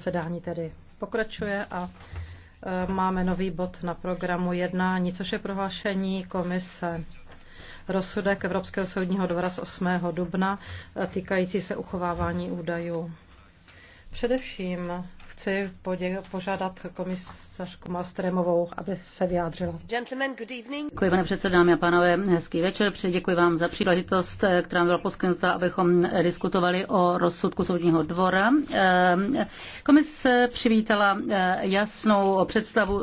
Sedání tedy pokračuje a e, máme nový bod na programu jednání, což je prohlášení komise rozsudek Evropského soudního dvora z 8. dubna e, týkající se uchovávání údajů. Především chci požádat komis, komisařku Malstremovou, aby se vyjádřila. Děkuji, pane předsedo, dámy a pánové, hezký večer. Děkuji vám za příležitost, eh, která byla poskytnuta, abychom diskutovali o rozsudku soudního dvora. Eh, komise přivítala eh, jasnou představu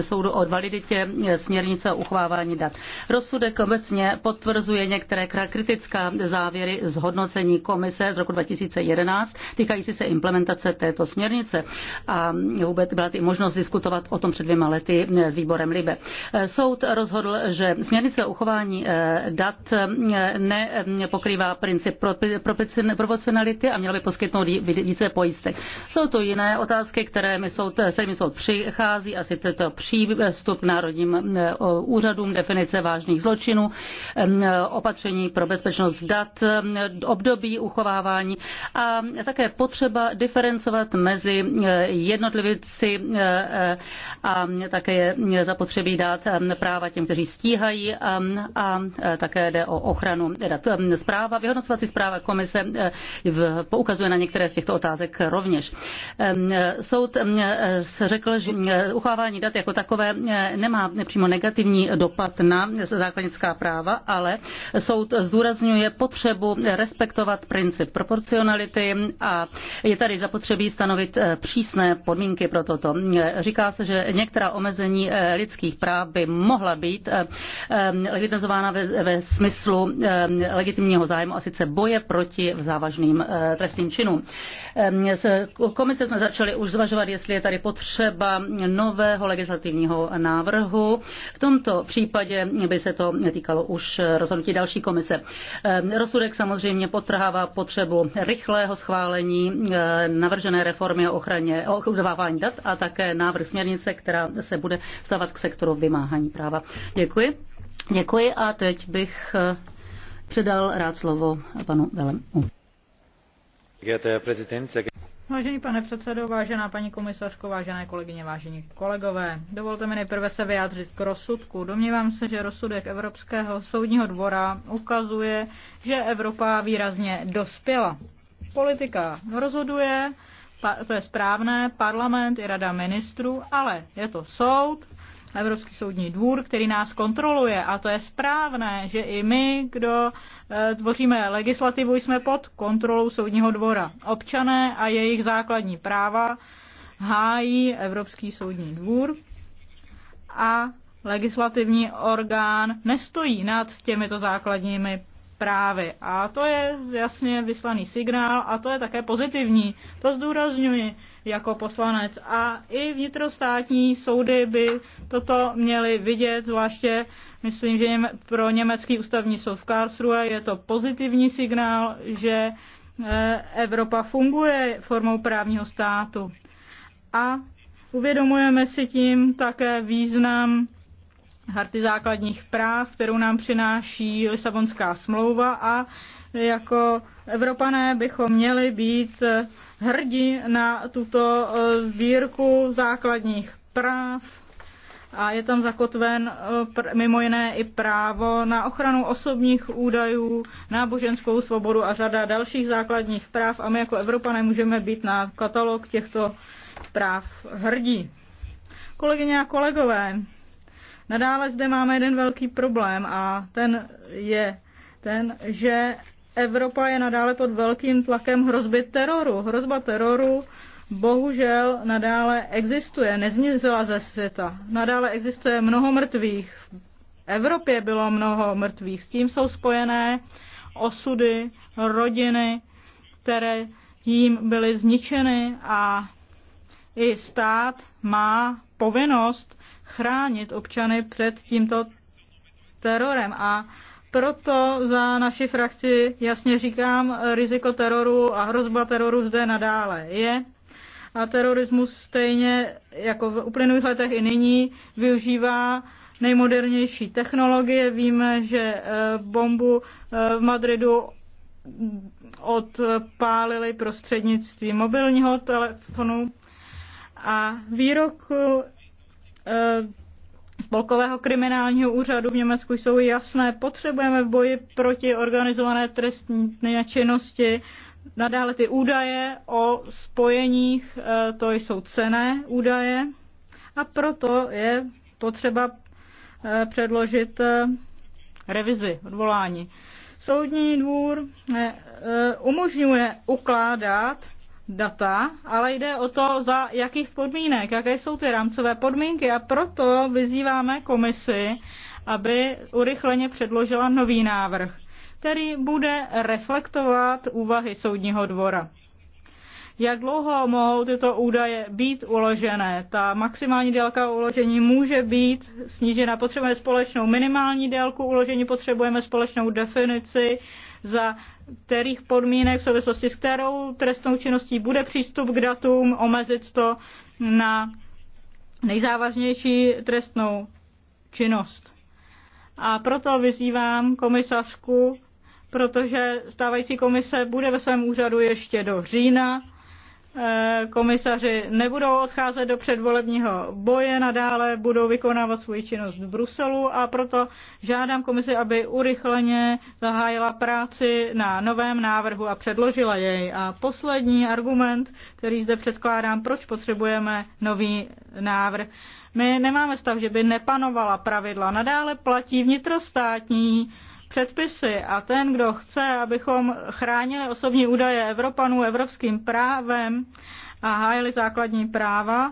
soudu o validitě směrnice o uchovávání dat. Rozsudek obecně potvrzuje některé kritická závěry z hodnocení komise z roku 2011 týkající se implementace této směrnice a vůbec byla i možnost diskutovat debat o tom před dvěma lety eh, s výborem Libe. Eh, soud rozhodl, že směrnice o uchování eh, dat nepokrývá princip proporcionality a měla by poskytnout více pojistek. Jsou to jiné otázky, které mi soud, se mi soud přichází, asi tento přístup k národním úřadům, definice vážných zločinů, opatření pro bezpečnost dat, období uchovávání a také potřeba diferencovat mezi jednotlivci a také je zapotřebí dát práva těm, kteří stíhají a e, také jde o ochranu dat. Zpráva, vyhodnocovací zpráva komise e, poukazuje na některé z těchto otázek rovněž. Soud řekl, že e, uchávání dat jako takové nemá nepřímo negativní dopad na základnická práva, ale soud zdůrazňuje potřebu respektovat princip proporcionality a je tady zapotřebí stanovit přísné podmínky pro toto. Říká Zdá se, že některá omezení eh, lidských práv by mohla být eh, eh, legitimizována ve, ve smyslu legitimního zájmu a sice boje proti závažným trestným činům. Ehm, komise jsme začali už zvažovat, jestli je tady potřeba nového legislativního návrhu. V tomto případě by se to týkalo už rozhodnutí další komise. Ehm, rozsudek samozřejmě potrhává potřebu rychlého schválení ehm, navržené reformy o ochraně o udávání dat a také návrh směrnice, která se bude stavat k sektoru vymáhání práva. Děkuji. Děkuji a teď bych eh, předal rád slovo panu Velemu. Vážený pane předsedo, vážená paní komisařko, vážené kolegyně, vážení kolegové, dovolte mi nejprve se vyjádřit k rozsudku. Domnívám se, že rozsudek Evropského soudního dvora ukazuje, že Evropa výrazně dospěla. Politika rozhoduje, to je správné, parlament i rada ministrů, ale je to soud, Evropský soudní dvůr, který nás kontroluje. A to je správné, že i my, kdo eh, tvoříme legislativu, jsme pod kontrolou soudního dvora. Občané a jejich základní práva hájí Evropský soudní dvůr a legislativní orgán nestojí nad těmito základními zprávy. A to je jasně vyslaný signál a to je také pozitivní. To zdůrazňuji jako poslanec. A i vnitrostátní soudy by toto měly vidět, zvláště myslím, že pro německý ústavní soud v Karlsruhe je to pozitivní signál, že eh, Evropa funguje formou právního státu. A uvědomujeme si tím také význam harty základních práv, kterou nám přináší Lisabonská smlouva a jako Evropané bychom měli být hrdí na tuto eh, sbírku základních práv a je tam zakotven eh, mimo jiné i právo na ochranu osobních údajů, náboženskou svobodu a řada dalších základních práv a my jako Evropané můžeme být na katalog těchto práv hrdí. Kolegyně a kolegové, Nadále zde máme jeden velký problém a ten je ten, že Evropa je nadále pod velkým tlakem hrozby teroru. Hrozba teroru bohužel nadále existuje, nezmizela ze světa. Nadále existuje mnoho mrtvých. V Evropě bylo mnoho mrtvých. S tím jsou spojené osudy, rodiny, které tím byly zničeny a i stát má povinnost chránit občany před tímto terorem. A proto za naši frakci jasně říkám, riziko teroru a hrozba teroru zde nadále je. A terorismus stejně jako v uplynulých letech i nyní využívá nejmodernější technologie. Víme, že eh, bombu eh, v Madridu odpálili prostřednictvím mobilního telefonu a výroku spolkového eh, kriminálního úřadu v Německu jsou jasné. Potřebujeme v boji proti organizované trestní činnosti nadále ty údaje o spojeních, eh, to jsou cené údaje a proto je potřeba eh, předložit revizi, odvolání. Soudní dvůr umožňuje ukládat data, ale jde o to, za jakých podmínek, jaké jsou ty rámcové podmínky a proto vyzýváme komisi, aby urychleně předložila nový návrh, který bude reflektovat úvahy soudního dvora. Jak dlouho mohou tyto údaje být uložené? Ta maximální délka uložení může být snížena. Potřebujeme společnou minimální délku uložení, potřebujeme společnou definici za kterých podmínek v souvislosti s kterou trestnou činností bude přístup k datům, omezit to na nejzávažnější trestnou činnost. A proto vyzývám komisařku, protože stávající komise bude ve svém úřadu ještě do října Eh, komisaři nebudou odcházet do předvolebního boje nadále, budou vykonávat svoji činnost v Bruselu a proto žádám komisi, aby urychleně zahájila práci na novém návrhu a předložila jej. A poslední argument, který zde předkládám, proč potřebujeme nový návrh. My nemáme stav, že by nepanovala pravidla. Nadále platí vnitrostátní předpisy a ten, kdo chce, abychom chránili osobní údaje Evropanů evropským právem a hájili základní práva,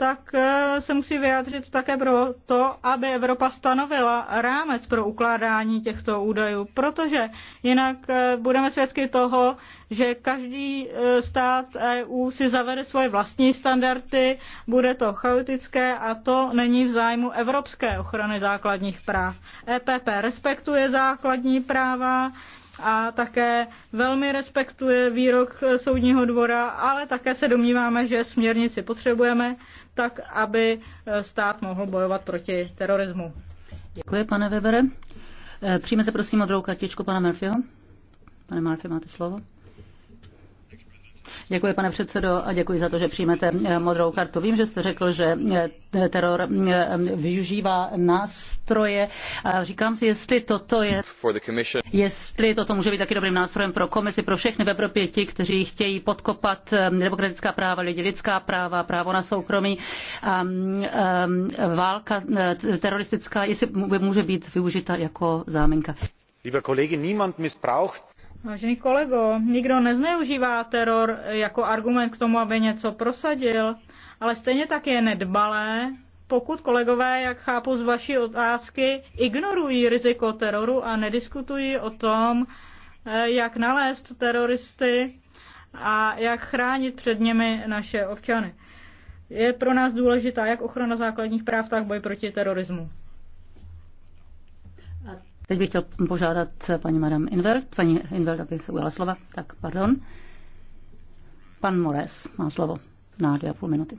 tak eh, se musí vyjádřit také pro to, aby Evropa stanovila rámec pro ukládání těchto údajů, protože jinak eh, budeme svědky toho, že každý eh, stát EU si zavede svoje vlastní standardy, bude to chaotické a to není v zájmu evropské ochrany základních práv. EPP respektuje základní práva, a také velmi respektuje výrok soudního dvora, ale také se domníváme, že směrnici potřebujeme tak aby eh, stát mohl bojovat proti terorismu. Děkuji, pane Webere. Eh, přijmete prosím modrou kartičku pana Murphyho. Pane Murphy, máte slovo. Děkuji, pane předsedo, a děkuji za to, že přijmete eh, modrou kartu. Vím, že jste řekl, že eh, teror eh, využívá nástroje. A říkám si, jestli toto je, jestli toto může být taky dobrým nástrojem pro komisi, pro všechny v Evropě, ti, kteří chtějí podkopat demokratická práva lidi, lidská práva, právo na soukromí. A, a, válka teroristická, jestli může být využita jako záminka. Liebe Kollege, niemand missbraucht Vážený kolego, nikdo nezneužívá teror jako argument k tomu, aby něco prosadil, ale stejně tak je nedbalé, pokud kolegové, jak chápu z vaší otázky, ignorují riziko teroru a nediskutují o tom, eh, jak nalézt teroristy a jak chránit před nimi naše občany. Je pro nás důležitá jak ochrana základních práv, tak boj proti terorismu. Teď bych chtěl požádat paní madam Invert, paní Invert, aby se ujala slova. Tak, pardon. Pan Mores má slovo na dvě a půl minuty.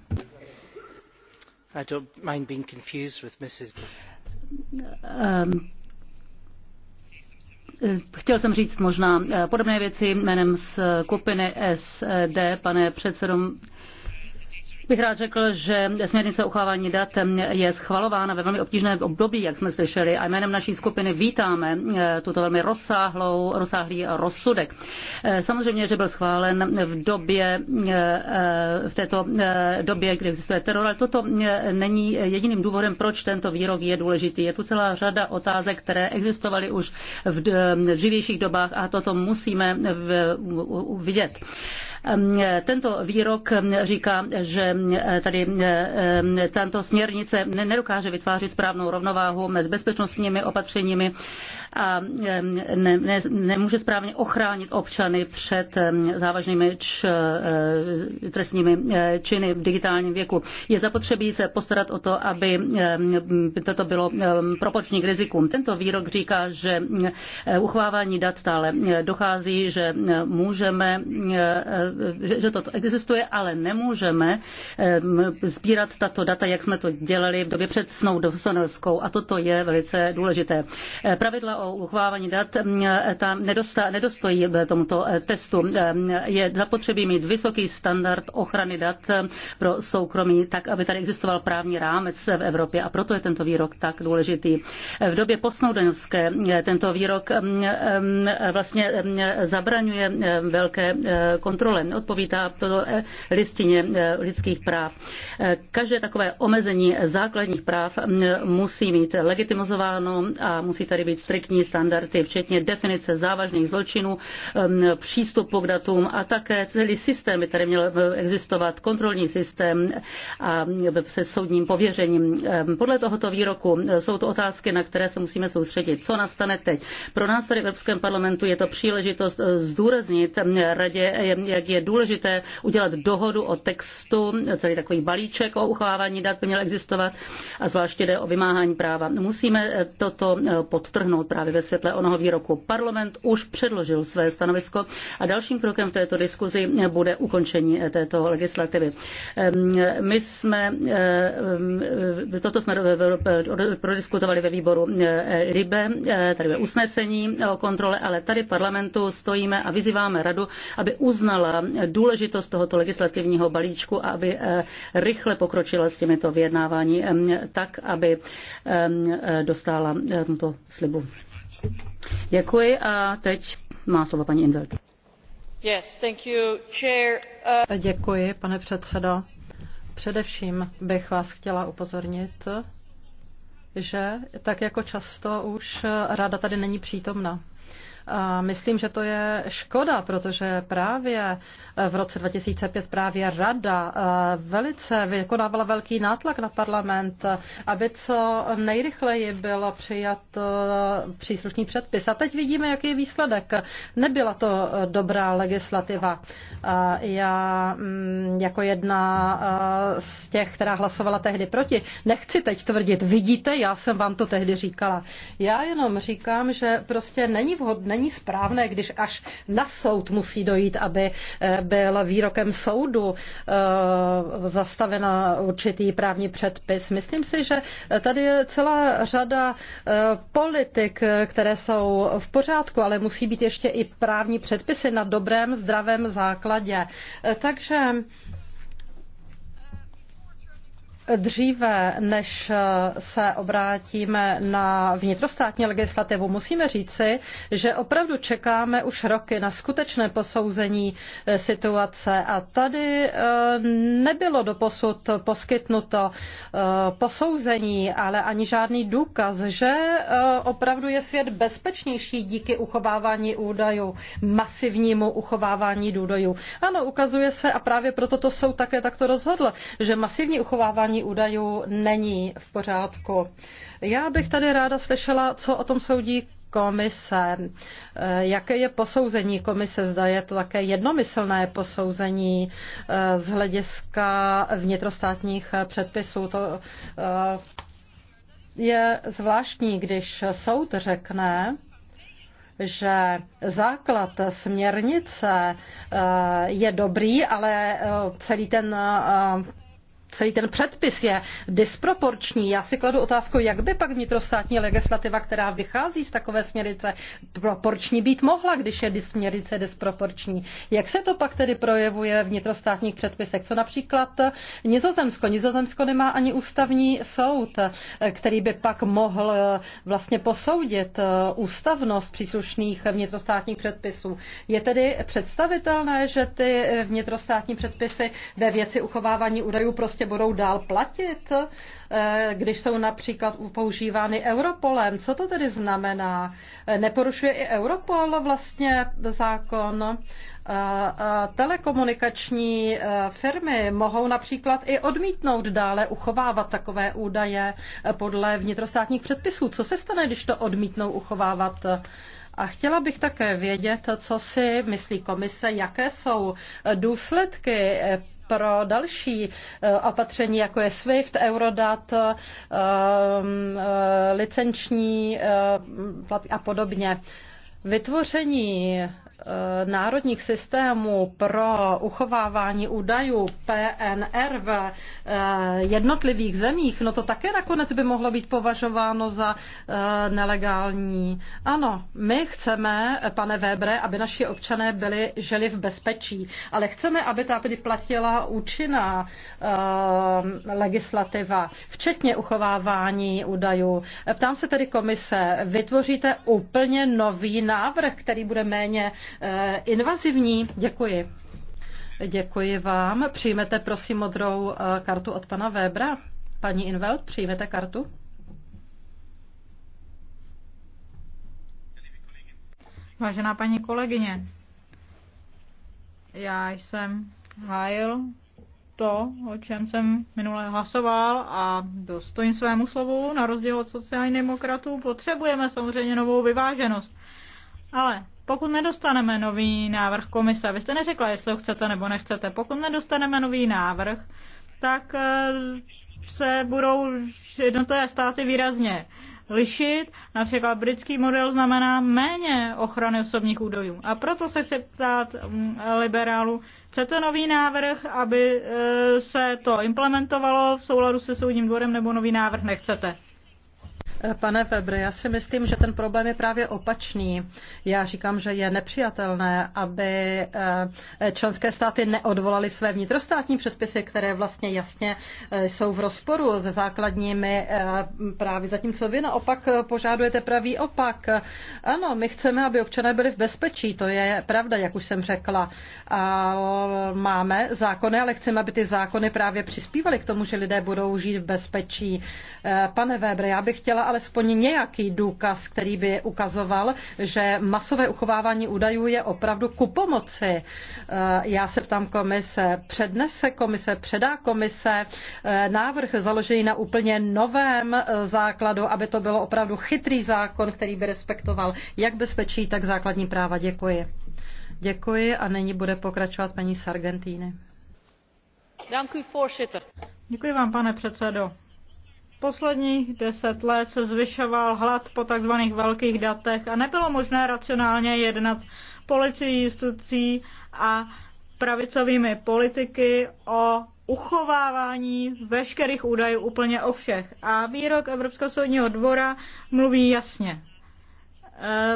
I don't mind being confused with Mrs. Um, Chtěl jsem říct možná eh, podobné věci jménem skupiny SD, pane předsedom bych rád řekl, že směrnice o uchávání dat je schvalována ve velmi obtížném období, jak jsme slyšeli, a jménem naší skupiny vítáme eh, tuto velmi rozsáhlou, rozsáhlý rozsudek. Eh, samozřejmě, že byl schválen v době, eh, v této době, kdy existuje teror, ale toto není jediným důvodem, proč tento výrok je důležitý. Je tu celá řada otázek, které existovaly už v dřívějších dobách a toto musíme vidět. Ehm, tento výrok ehm, říká, že eh, tady eh, ehm, tato směrnice nedokáže vytvářet správnou rovnováhu mezi bezpečnostními opatřeními a ne, ne, nemůže správně ochránit občany před závažnými č, e, trestními e, činy v digitálním věku. Je zapotřebí se postarat o to, aby toto bylo proporční k rizikům. Tento výrok říká, že e, uchvávání dat stále dochází, že můžeme, že toto existuje, ale nemůžeme sbírat tato data, jak jsme to dělali v době před snou do a toto je velice důležité. Pravidla o uchovávání dat mm, tam nedostojí eh, tomuto eh, testu. Eh, je zapotřebí mít vysoký standard ochrany dat pro soukromí, tak aby tady existoval právní rámec v Evropě a proto je tento výrok tak důležitý. V době posnoudenské tento výrok mm, vlastně mm, zabraňuje velké kontrole. Odpovídá to listině lidských práv. Každé takové omezení základních práv musí mít legitimizováno a musí tady být striktní bezpečnostní standardy, včetně definice závažných zločinů, přístupu k datům a také celý systém by tady měl eh, existovat, kontrolní systém a eh, se soudním pověřením. Podle tohoto výroku eh, jsou to otázky, na které se musíme soustředit. Co nastane teď? Pro nás tady v Evropském parlamentu je to příležitost zdůraznit radě, jak je důležité udělat dohodu o textu, celý takový balíček o uchovávání dat by měl existovat a zvláště jde o vymáhání práva. Musíme toto podtrhnout právě právě ve světle onoho výroku. Parlament už předložil své stanovisko a dalším krokem v této diskuzi bude ukončení eh, této legislativy. Ehm, my jsme, eh, ehm, toto jsme prodiskutovali ve výboru RIBE, eh, tady ve usnesení o kontrole, ale tady parlamentu stojíme a vyzýváme radu, aby uznala důležitost tohoto legislativního balíčku a aby rychle pokročila s těmito vyjednávání ehm, tak, aby dostala tento slibu. Děkuji a teď má slovo paní Invelt. Yes, thank you, chair. Uh... Děkuji, pane předsedo. Především bych vás chtěla upozornit, že tak jako často už rada tady není přítomna. A myslím, že to je škoda, protože právě eh, v roce 2005 právě Rada eh, velice vykonávala velký nátlak na parlament, eh, aby co nejrychleji byl přijat příslušný předpis. A teď vidíme, jaký je výsledek. Nebyla to dobrá legislativa. Já mm, jako jedna z těch, která hlasovala tehdy proti, nechci teď tvrdit, vidíte, já jsem vám to tehdy říkala. Já jenom říkám, že prostě není vhodné Není správné, když až na soud musí dojít, aby eh, byl výrokem soudu eh, zastavena určitý právní předpis. Myslím si, že tady je celá řada eh, politik, které jsou v pořádku, ale musí být ještě i právní předpisy na dobrém, zdravém základě. Takže Dříve, než se obrátíme na vnitrostátní legislativu, musíme říci, že opravdu čekáme už roky na skutečné posouzení eh, situace a tady eh, nebylo doposud poskytnuto eh, posouzení, ale ani žádný důkaz, že opravdu je svět bezpečnější díky uchovávání údajů, masivnímu uchovávání údajů. Ano, ukazuje se a právě proto to jsou také takto rozhodl, že masivní uchovávání údajů není v pořádku. Já bych tady ráda slyšela, co o tom soudí komise. Jaké je posouzení komise? Zda je to také jednomyslné posouzení eh, z hlediska vnitrostátních předpisů. To eh, je zvláštní, když soud řekne, že základ směrnice eh, je dobrý, ale celý ten celý ten předpis je disproporční. Já si kladu otázku, jak by pak vnitrostátní legislativa, která vychází z takové směrnice, proporční být mohla, když je směrnice disproporční. Jak se to pak tedy projevuje v vnitrostátních předpisech? Co například Nizozemsko? Nizozemsko nemá ani ústavní soud, který by pak mohl eh, vlastně posoudit eh, ústavnost příslušných vnitrostátních předpisů. Je tedy představitelné, že ty vnitrostátní předpisy ve věci uchovávání údajů prostě prostě budou dál platit, eh, když jsou například používány Europolem. Co to tedy znamená? Eh, neporušuje i Europol vlastně zákon? Eh, telekomunikační firmy mohou například i odmítnout dále uchovávat takové údaje podle vnitrostátních předpisů. Co se stane, když to odmítnou uchovávat? A chtěla bych také vědět, co si myslí komise, jaké jsou důsledky pro další eh, opatření, jako je SWIFT, Eurodat, eh, mm, eh, licenční a podobně. Vytvoření Eh, národních systémů pro uchovávání údajů PNR v eh, jednotlivých zemích, no to také nakonec by mohlo být považováno za eh, nelegální. Ano, my chceme, pane Webre, aby naši občané byli žili v bezpečí, ale chceme, aby tady platila účinná legislativa, včetně uchovávání údajů. Ptám se tedy komise, vytvoříte úplně nový návrh, který bude méně Eh, invazivní. Děkuji. Děkuji vám. Přijmete prosím modrou eh, kartu od pana Webra. Paní Invelt, přijmete kartu? Vážená paní kolegyně, já jsem hájil to, o čem jsem minule hlasoval a dostojím svému slovu, na rozdíl od sociálních demokratů, potřebujeme samozřejmě novou vyváženost. Ale pokud nedostaneme nový návrh komise, vy jste neřekla, jestli ho chcete nebo nechcete, pokud nedostaneme nový návrh, tak eh, se budou jednotlivé státy výrazně lišit. Například britský model znamená méně ochrany osobních údajů. A proto se chci ptát mm, liberálu, chcete nový návrh, aby eh, se to implementovalo v souladu se soudním dvorem, nebo nový návrh nechcete? Pane Febre, já si myslím, že ten problém je právě opačný. Já říkám, že je nepřijatelné, aby eh, členské státy neodvolaly své vnitrostátní předpisy, které vlastně jasně eh, jsou v rozporu se základními eh, právy, zatímco vy naopak požádujete pravý opak. Ano, my chceme, aby občané byli v bezpečí, to je pravda, jak už jsem řekla. A máme zákony, ale chceme, aby ty zákony právě přispívaly k tomu, že lidé budou žít v bezpečí. Pane Weber, já bych chtěla, alespoň nějaký důkaz, který by ukazoval, že masové uchovávání údajů je opravdu ku pomoci. Eh, já se ptám komise, přednese komise, předá komise eh, návrh založený na úplně novém eh, základu, aby to bylo opravdu chytrý zákon, který by respektoval jak bezpečí, tak základní práva. Děkuji. Děkuji a nyní bude pokračovat paní Sargentini. Děkuji, vám, pane předsedo posledních deset let se zvyšoval hlad po tzv. velkých datech a nebylo možné racionálně jednat s policií, justicí a pravicovými politiky o uchovávání veškerých údajů úplně o všech. A výrok Evropského soudního dvora mluví jasně. E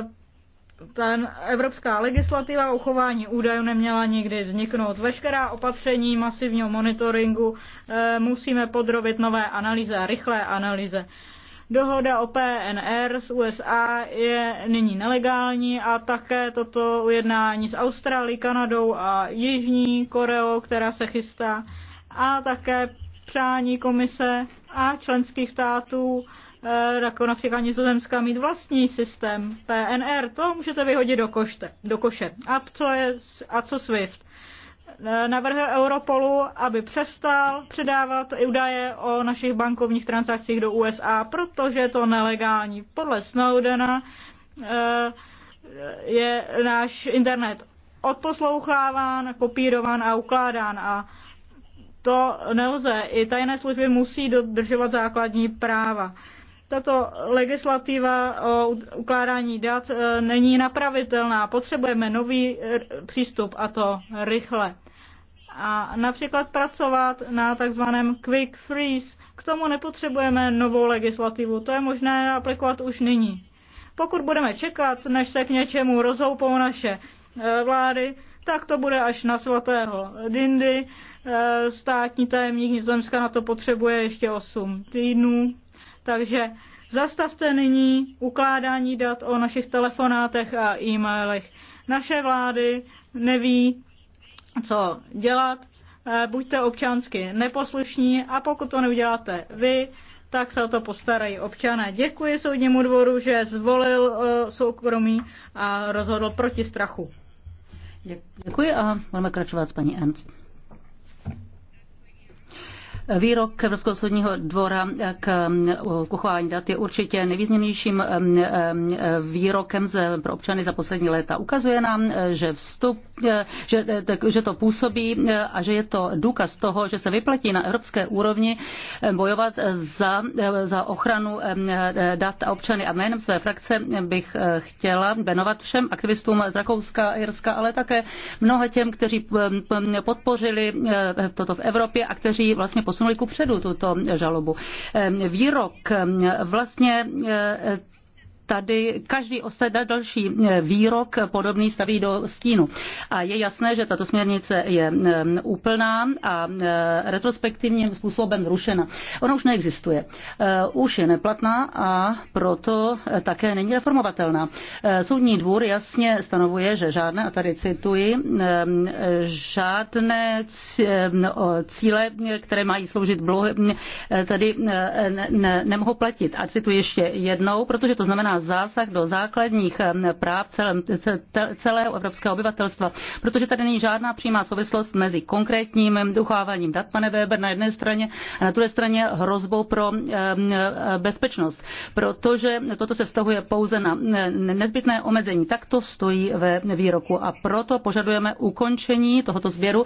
ten evropská legislativa o chování údajů neměla nikdy vzniknout. Veškerá opatření masivního monitoringu e, musíme podrobit nové analýze a rychlé analýze. Dohoda o PNR z USA je nyní nelegální a také toto ujednání s Austrálií, Kanadou a Jižní Koreou, která se chystá, a také přání komise a členských států Eh, jako například Nizozemská, mít vlastní systém PNR. To můžete vyhodit do, košte, do koše. A co, je, a co SWIFT? Eh, navrhl Europolu, aby přestal předávat údaje o našich bankovních transakcích do USA, protože je to nelegální. Podle Snowdena eh, je náš internet odposloucháván, kopírován a ukládán a to nelze. I tajné služby musí dodržovat základní práva. Tato legislativa o ukládání dat e, není napravitelná. Potřebujeme nový e, přístup a to rychle. A například pracovat na takzvaném quick freeze. K tomu nepotřebujeme novou legislativu. To je možné aplikovat už nyní. Pokud budeme čekat, než se k něčemu rozhoupou naše e, vlády, tak to bude až na svatého dindy. Státní tajemník Nizozemska na to potřebuje ještě 8 týdnů. Takže zastavte nyní ukládání dat o našich telefonátech a e-mailech. Naše vlády neví, co dělat. Eh, buďte občansky neposlušní a pokud to neuděláte vy, tak se o to postarají občané. Děkuji soudnímu dvoru, že zvolil eh, soukromí a rozhodl proti strachu. Děkuji a máme kračovat s paní Ernst. Výrok Evropského soudního dvora eh, k uchování dat je určitě nejvýznamnějším eh, eh, výrokem pro občany za poslední léta. Ukazuje nám, že vstup, že, že to působí a že je to důkaz toho, že se vyplatí na evropské úrovni bojovat za, za ochranu dat a občany. A jménem své frakce bych chtěla benovat všem aktivistům z Rakouska, Jirska, ale také mnoha těm, kteří podpořili toto v Evropě a kteří vlastně posunuli ku předu tuto žalobu. Ehm, výrok ehm, vlastně ehm, tady každý ostatní další eh, výrok podobný staví do stínu. A je jasné, že tato směrnice je eh, úplná a eh, retrospektivním způsobem zrušena. Ona už neexistuje. Už je neplatná a proto také není reformovatelná. Soudní dvůr jasně stanovuje, že žádné, a tady cituji, žádné cíle, které mají sloužit blohy, tady nemohou platit. A cituji ještě jednou, protože to znamená zásah do základních eh, práv celém, celého evropského obyvatelstva, protože tady není žádná přímá souvislost mezi konkrétním ucháváním dat, pane Weber, na jedné straně a na druhé straně hrozbou pro eh, eh, bezpečnost, protože toto se vztahuje pouze na nezbytné omezení. Tak to stojí ve výroku a proto požadujeme ukončení tohoto sběru,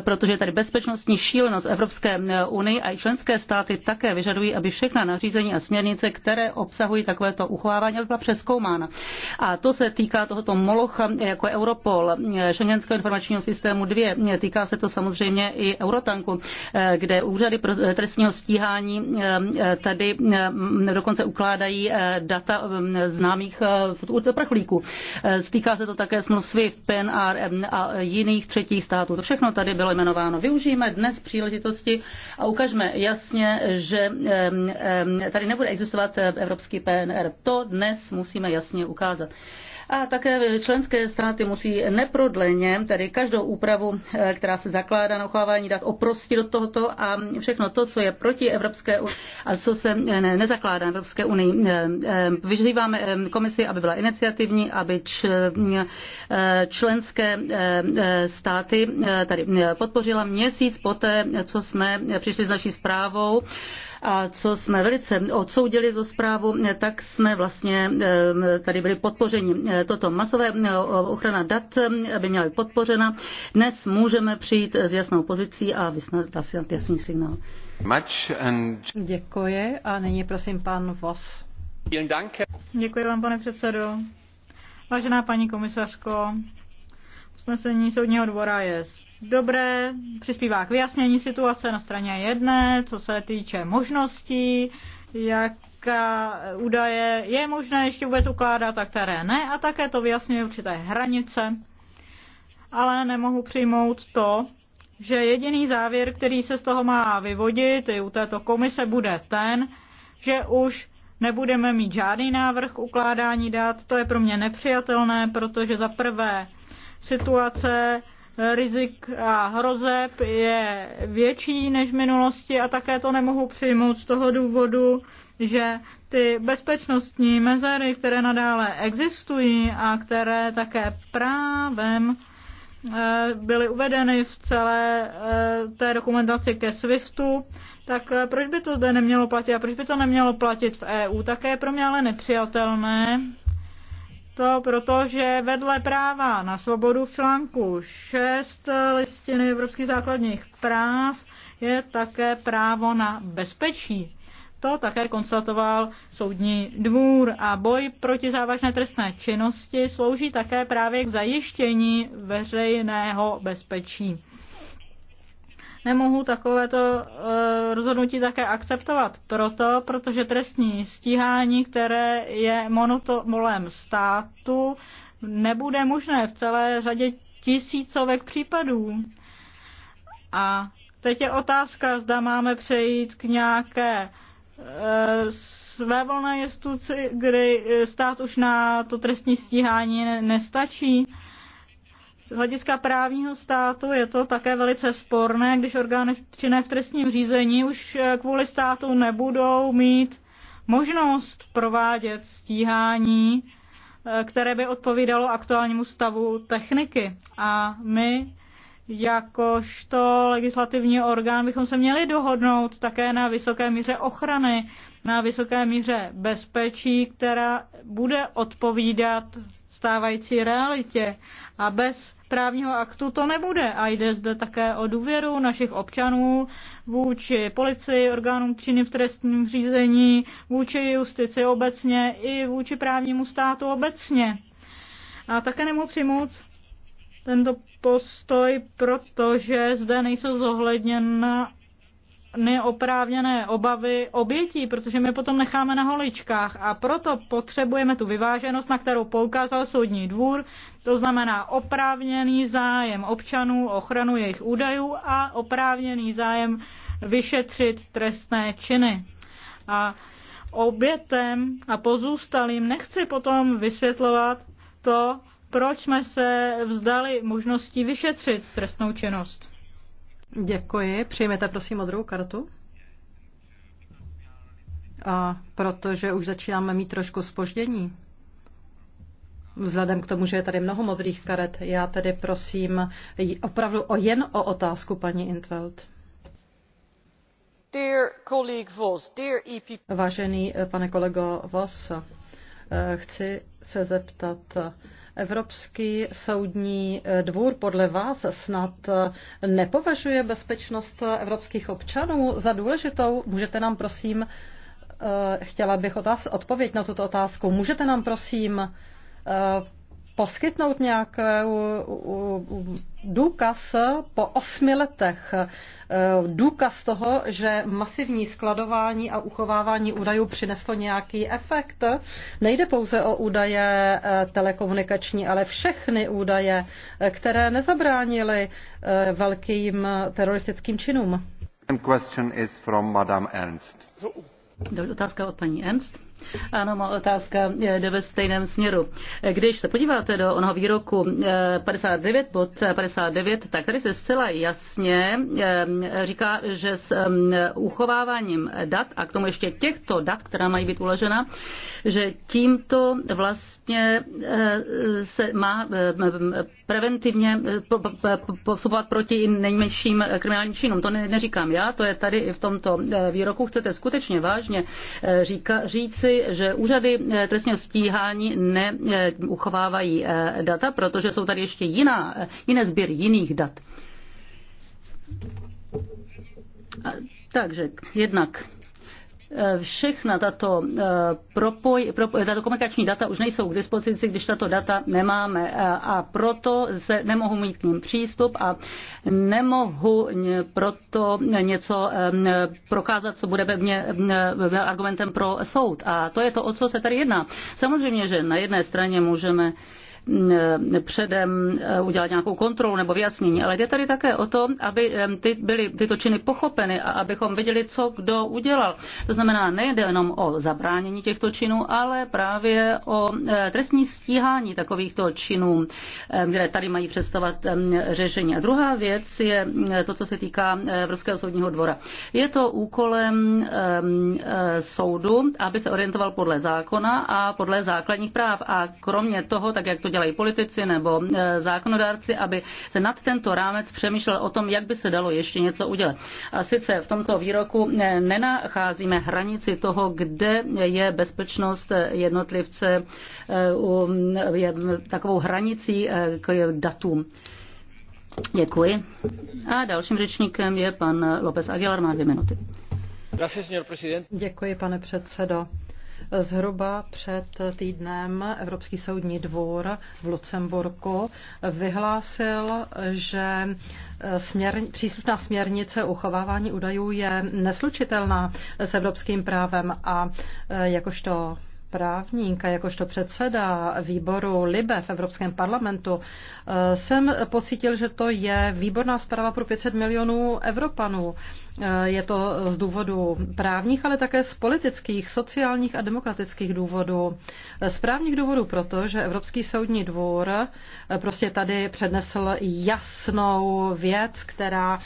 protože je tady bezpečnostní šílenost Evropské unie a i členské státy také vyžadují, aby všechna nařízení a směrnice, které obsahují takovéto uchovávání, uchovávání, aby byla přeskoumána. A to se týká tohoto molocha jako Europol, eh, Schengenského informačního systému 2. Eh, týká se to samozřejmě i Eurotanku, eh, kde úřady trestního stíhání tady dokonce ukládají data mm, známých prchlíků. Stýká se to také smluv SWIFT, PNR a jiných třetích států. To všechno tady bylo jmenováno. Využijeme dnes příležitosti a ukažme jasně, že tady nebude existovat evropský PNR. To to dnes musíme jasně ukázat. A také členské státy musí neprodleně, tedy každou úpravu, eh, která se zakládá na uchovávání dat, oprostit do tohoto a všechno to, co je proti Evropské unii a co se eh, ne, nezakládá na Evropské unii. Eh, Vyžíváme komisi, aby byla iniciativní, aby členské státy tady podpořila měsíc poté, co jsme přišli s naší zprávou a co jsme velice odsoudili do zprávu, tak jsme vlastně tady byli podpořeni. Toto masové ochrana dat by měla být podpořena. Dnes můžeme přijít s jasnou pozicí a asi jasný signál. And... Děkuji a nyní prosím pan Vos. Děkuji vám, pane předsedo. Vážená paní komisařko, usnesení soudního dvora je dobré, přispívá k vyjasnění situace na straně jedné, co se týče možností, jaká údaje je možné ještě vůbec ukládat a které ne, a také to vyjasňuje určité hranice. Ale nemohu přijmout to, že jediný závěr, který se z toho má vyvodit i u této komise, bude ten, že už nebudeme mít žádný návrh ukládání dat. To je pro mě nepřijatelné, protože za prvé situace rizik a hrozeb je větší než v minulosti a také to nemohu přijmout z toho důvodu, že ty bezpečnostní mezery, které nadále existují a které také právem eh, byly uvedeny v celé eh, té dokumentaci ke SWIFTu, tak eh, proč by to zde nemělo platit a proč by to nemělo platit v EU? Také je pro mě ale nepřijatelné, to protože vedle práva na svobodu v článku 6 listiny Evropských základních práv je také právo na bezpečí. To také konstatoval soudní dvůr a boj proti závažné trestné činnosti slouží také právě k zajištění veřejného bezpečí nemohu takovéto eh, rozhodnutí také akceptovat. Proto, protože trestní stíhání, které je monotomolem státu, nebude možné v celé řadě tisícovek případů. A teď je otázka, zda máme přejít k nějaké eh, své volné justici, kdy eh, stát už na to trestní stíhání nestačí. Z hlediska právního státu je to také velice sporné, když orgány činné v trestním řízení už eh, kvůli státu nebudou mít možnost provádět stíhání, eh, které by odpovídalo aktuálnímu stavu techniky. A my jakožto legislativní orgán bychom se měli dohodnout také na vysoké míře ochrany, na vysoké míře bezpečí, která bude odpovídat stávající realitě. A bez právního aktu to nebude. A jde zde také o důvěru našich občanů vůči policii, orgánům činným v trestním řízení, vůči justici obecně i vůči právnímu státu obecně. A také nemohu přijmout tento postoj, protože zde nejsou zohledněna neoprávněné obavy obětí, protože my potom necháme na holičkách a proto potřebujeme tu vyváženost, na kterou poukázal soudní dvůr, to znamená oprávněný zájem občanů, o ochranu jejich údajů a oprávněný zájem vyšetřit trestné činy. A obětem a pozůstalým nechci potom vysvětlovat to, proč jsme se vzdali možnosti vyšetřit trestnou činnost. Děkuji. Přijmete prosím modrou kartu. A protože už začínáme mít trošku spoždění. Vzhledem k tomu, že je tady mnoho modrých karet, já tedy prosím opravdu o jen o otázku paní Intveld. E Vážený eh, pane kolego Vos, eh, chci se zeptat, Evropský soudní eh, dvůr podle vás snad nepovažuje bezpečnost evropských občanů za důležitou? Můžete nám prosím, chtěla bych otáz- odpověď na tuto otázku, můžete nám prosím Eh, poskytnout nějaký důkaz po osmi letech, eh, důkaz toho, že masivní skladování a uchovávání údajů přineslo nějaký efekt. Nejde pouze o údaje eh, telekomunikační, ale všechny údaje, které nezabránily velkým teroristickým činům. Otázka od paní Ernst. Ano, má otázka jde ve stejném směru. Když se podíváte do onoho výroku 59 eh, bod 59, tak tady se zcela jasně eh, říká, že s eh, uchováváním dat a k tomu ještě těchto dat, která mají být uložena, že tímto vlastně se má preventivně postupovat proti nejmenším kriminálním činům. To neříkám já, to je tady i v tomto výroku. Chcete skutečně vážně říka, říci, si, že úřady eh, trestního stíhání neuchovávají eh, data, protože jsou tady ještě jiná, eh, jiné sběry jiných dat. Takže jednak Eh, všechna tato, eh, propoj, propoj, tato komunikační data už nejsou k dispozici, když tato data nemáme eh, a proto se nemohu mít k ním přístup a nemohu proto něco prokázat, co bude pevně argumentem pro soud. A to je to, o co se tady jedná. Samozřejmě, že na jedné straně můžeme předem eh, udělat nějakou kontrolu nebo vyjasnění, ale jde tady také o to, aby ty byly tyto činy pochopeny a abychom viděli, co kdo udělal. To znamená nejde jenom o zabránění těchto činů, ale právě o eh, trestní stíhání takovýchto činů, které tady mají představovat řešení. A druhá věc je to, co se týká eh, Evropského soudního dvora. Je to úkolem soudu, aby se orientoval podle zákona a podle základních práv. A kromě toho, tak jak to dělá dělají politici nebo eh, zákonodárci, aby se nad tento rámec přemýšlel o tom, jak by se dalo ještě něco udělat. A sice v tomto výroku eh, nenacházíme hranici toho, kde je bezpečnost eh, jednotlivce je takovou hranicí k datům. Děkuji. A dalším řečníkem je pan López Aguilar, má dvě minuty. Děkuji, pane předsedo. Zhruba před týdnem Evropský soudní dvůr v Lucemburku vyhlásil, že směr, příslušná směrnice uchovávání údajů je neslučitelná s evropským právem a e, jakožto právník a jakožto předseda výboru LIBE v Evropském parlamentu e, jsem pocítil, že to je výborná zpráva pro 500 milionů Evropanů. Eh, je to z důvodu právních, ale také z politických, sociálních a demokratických důvodů. Eh, z právních důvodů proto, že Evropský soudní dvůr eh, prostě tady přednesl jasnou věc, která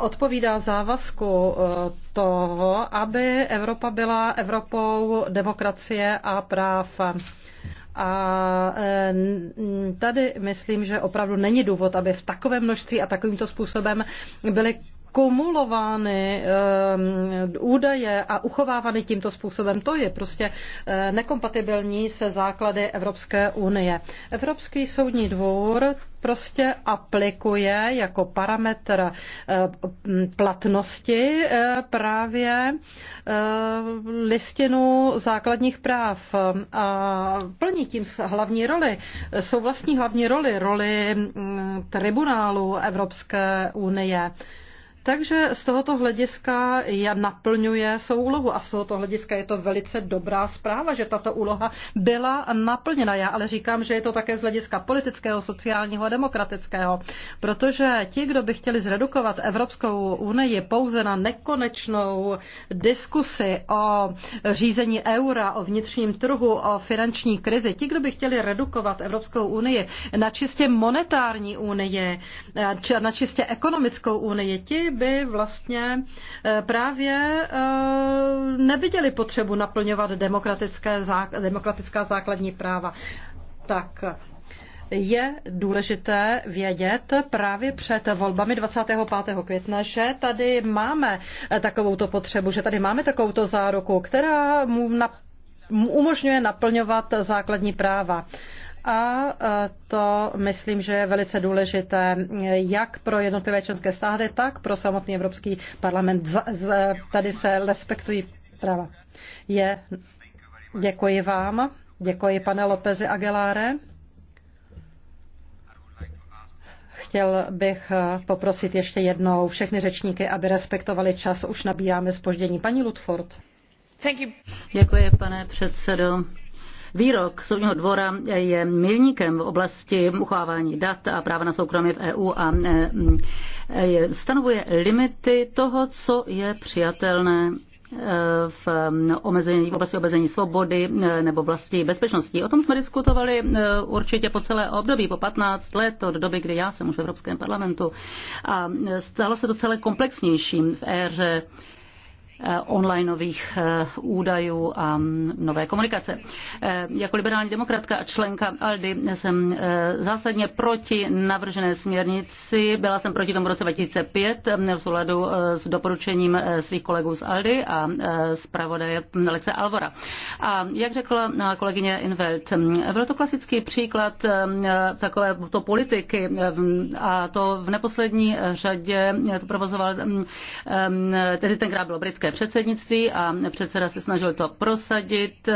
odpovídá závazku toho, aby Evropa byla Evropou demokracie a práv. A tady myslím, že opravdu není důvod, aby v takovém množství a takovýmto způsobem byly kumulovány ehm, údaje a uchovávány tímto způsobem. To je prostě eh, nekompatibilní se základy Evropské unie. Evropský soudní dvůr prostě aplikuje jako parametr eh, platnosti eh, právě listinu základních práv a plní tím hlavní roli, jsou vlastní hlavní roli, roli mm, tribunálu Evropské unie. Takže z tohoto hlediska já naplňuje svou úlohu a z tohoto hlediska je to velice dobrá zpráva, že tato úloha byla naplněna. Já ale říkám, že je to také z hlediska politického, sociálního a demokratického, protože ti, kdo by chtěli zredukovat Evropskou unii pouze na nekonečnou diskusi o řízení eura, o vnitřním trhu, o finanční krizi, ti, kdo by chtěli redukovat Evropskou unii na čistě monetární unii, na čistě ekonomickou unii, ti by vlastně eh, právě eh, neviděli potřebu naplňovat demokratické, demokratická základní práva. Tak je důležité vědět právě před volbami 25. května, že tady máme eh, takovouto potřebu, že tady máme takovouto záruku, která mu na, umožňuje naplňovat základní práva. A e, to myslím, že je velice důležité jak pro jednotlivé členské státy, tak pro samotný Evropský parlament. Tady se respektují práva. Je, děkuji vám, děkuji pane Lopezi Aguiláre. Chtěl bych e, poprosit ještě jednou všechny řečníky, aby respektovali čas. Už nabíjáme spoždění. Paní Ludford. Děkuji, pane předsedo. Výrok soudního dvora je milníkem v oblasti uchovávání dat a práva na soukromí v EU a e, stanovuje limity toho, co je přijatelné e, v, omezení, v oblasti omezení svobody e, nebo vlastní bezpečnosti. O tom jsme diskutovali určitě po celé období, po 15 let od doby, kdy já jsem už v Evropském parlamentu. A stalo se to celé komplexnějším v éře Eh, onlineových eh, údajů a mm, nové komunikace. Eh, jako liberální demokratka a členka ALDI jsem zásadně proti navržené směrnici. Byla jsem proti tomu v roce 2005 v souladu s doporučením svých kolegů z ALDI a zpravodaje Alexe Alvora. A jak řekla kolegyně Invelt, mm, byl to klasický příklad takové to politiky a to v neposlední řadě to provozoval, mm, tedy tenkrát bylo britské švédské předsednictví a předseda se snažil to prosadit.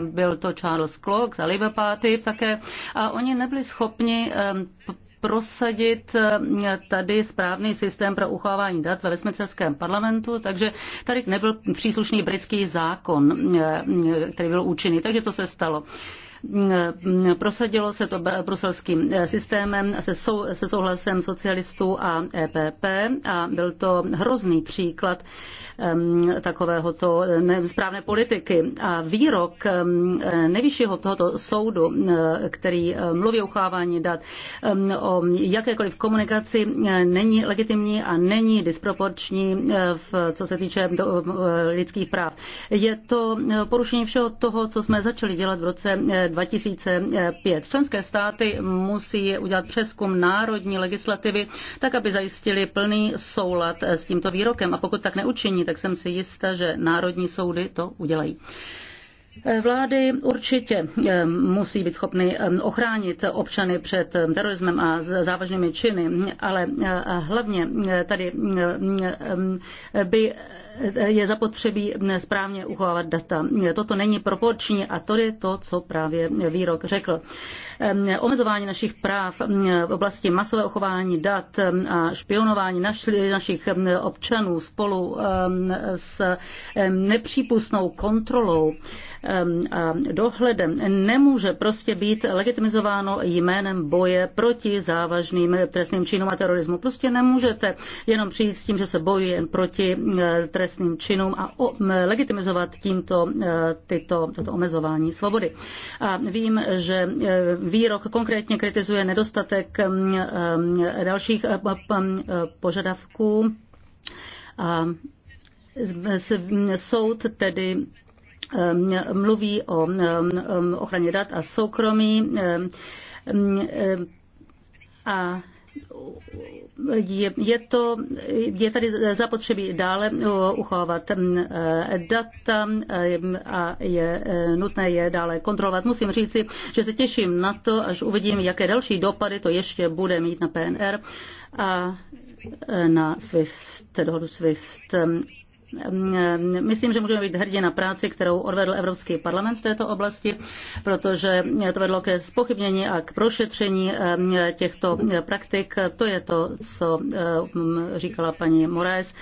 Byl to Charles Clock za Labour Party také a oni nebyli schopni prosadit tady správný systém pro uchávání dat ve Westminsterském parlamentu, takže tady nebyl příslušný britský zákon, který byl účinný. Takže co se stalo? Mm, prosadilo se to bruselským eh, systémem se, sou, se souhlasem socialistů a EPP a byl to hrozný příklad takovéhoto správné politiky. A výrok nejvyššího tohoto soudu, který mluví o uchávání dat, o jakékoliv komunikaci, není legitimní a není disproporční, v, co se týče lidských práv. Je to porušení všeho toho, co jsme začali dělat v roce 2005. Členské státy musí udělat přeskum národní legislativy, tak aby zajistili plný soulad s tímto výrokem. A pokud tak neučiní, tak jsem si jista, že národní soudy to udělají. Vlády určitě eh, musí být schopny eh, ochránit občany před eh, terorismem a závažnými činy, ale hlavně tady by je zapotřebí správně uchovávat data. Toto není proporční a to je to, co právě výrok řekl. Omezování našich práv v oblasti masového chování dat a špionování našich občanů spolu s nepřípustnou kontrolou a dohledem nemůže prostě být legitimizováno jménem boje proti závažným trestným činům a terorismu. Prostě nemůžete jenom přijít s tím, že se bojuje proti eh, trestným trestným činům a legitimizovat tímto e, tyto, toto omezování svobody. A vím, že e, výrok konkrétně kritizuje nedostatek e, dalších požadavků. A soud tedy mluví o ochraně dat a soukromí a je, Je, to, je tady zapotřebí dále uchovat mm, data mm, a je eh, nutné je dále kontrolovat. Musím říci, že se těším na to, až uvidím, jaké další dopady to ještě bude mít na PNR a eh, na SWIFT, dohodu SWIFT Ehm, myslím, že můžeme být hrdí na práci, kterou odvedl Evropský parlament v této oblasti, protože to vedlo ke spochybnění a k prošetření ehm, těchto praktik. To je to, co ehm, říkala paní Moraes.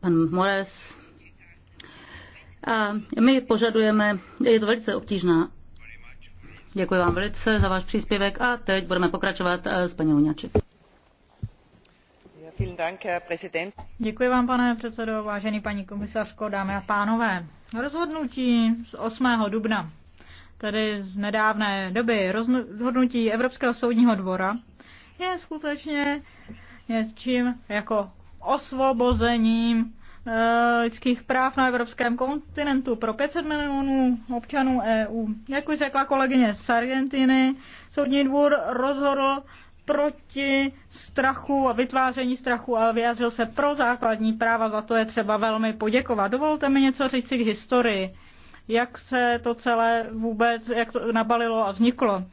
Pan Moraes. A my požadujeme, je to velice obtížná. Děkuji vám velice za váš příspěvek a teď budeme pokračovat eh, s paní Luňaček. Děkuji vám, pane předsedo, vážený paní komisařko, dámy a pánové. Rozhodnutí z 8. dubna, tedy z nedávné doby, rozhodnutí Evropského soudního dvora, je skutečně něčím jako osvobozením eh, lidských práv na evropském kontinentu pro 500 milionů občanů EU. Jak už řekla kolegyně z Argentiny, soudní dvůr rozhodl proti strachu a vytváření strachu a vyjádřil se pro základní práva, za to je třeba velmi poděkovat. Dovolte mi něco říct k historii, jak se to celé vůbec, jak to nabalilo a vzniklo.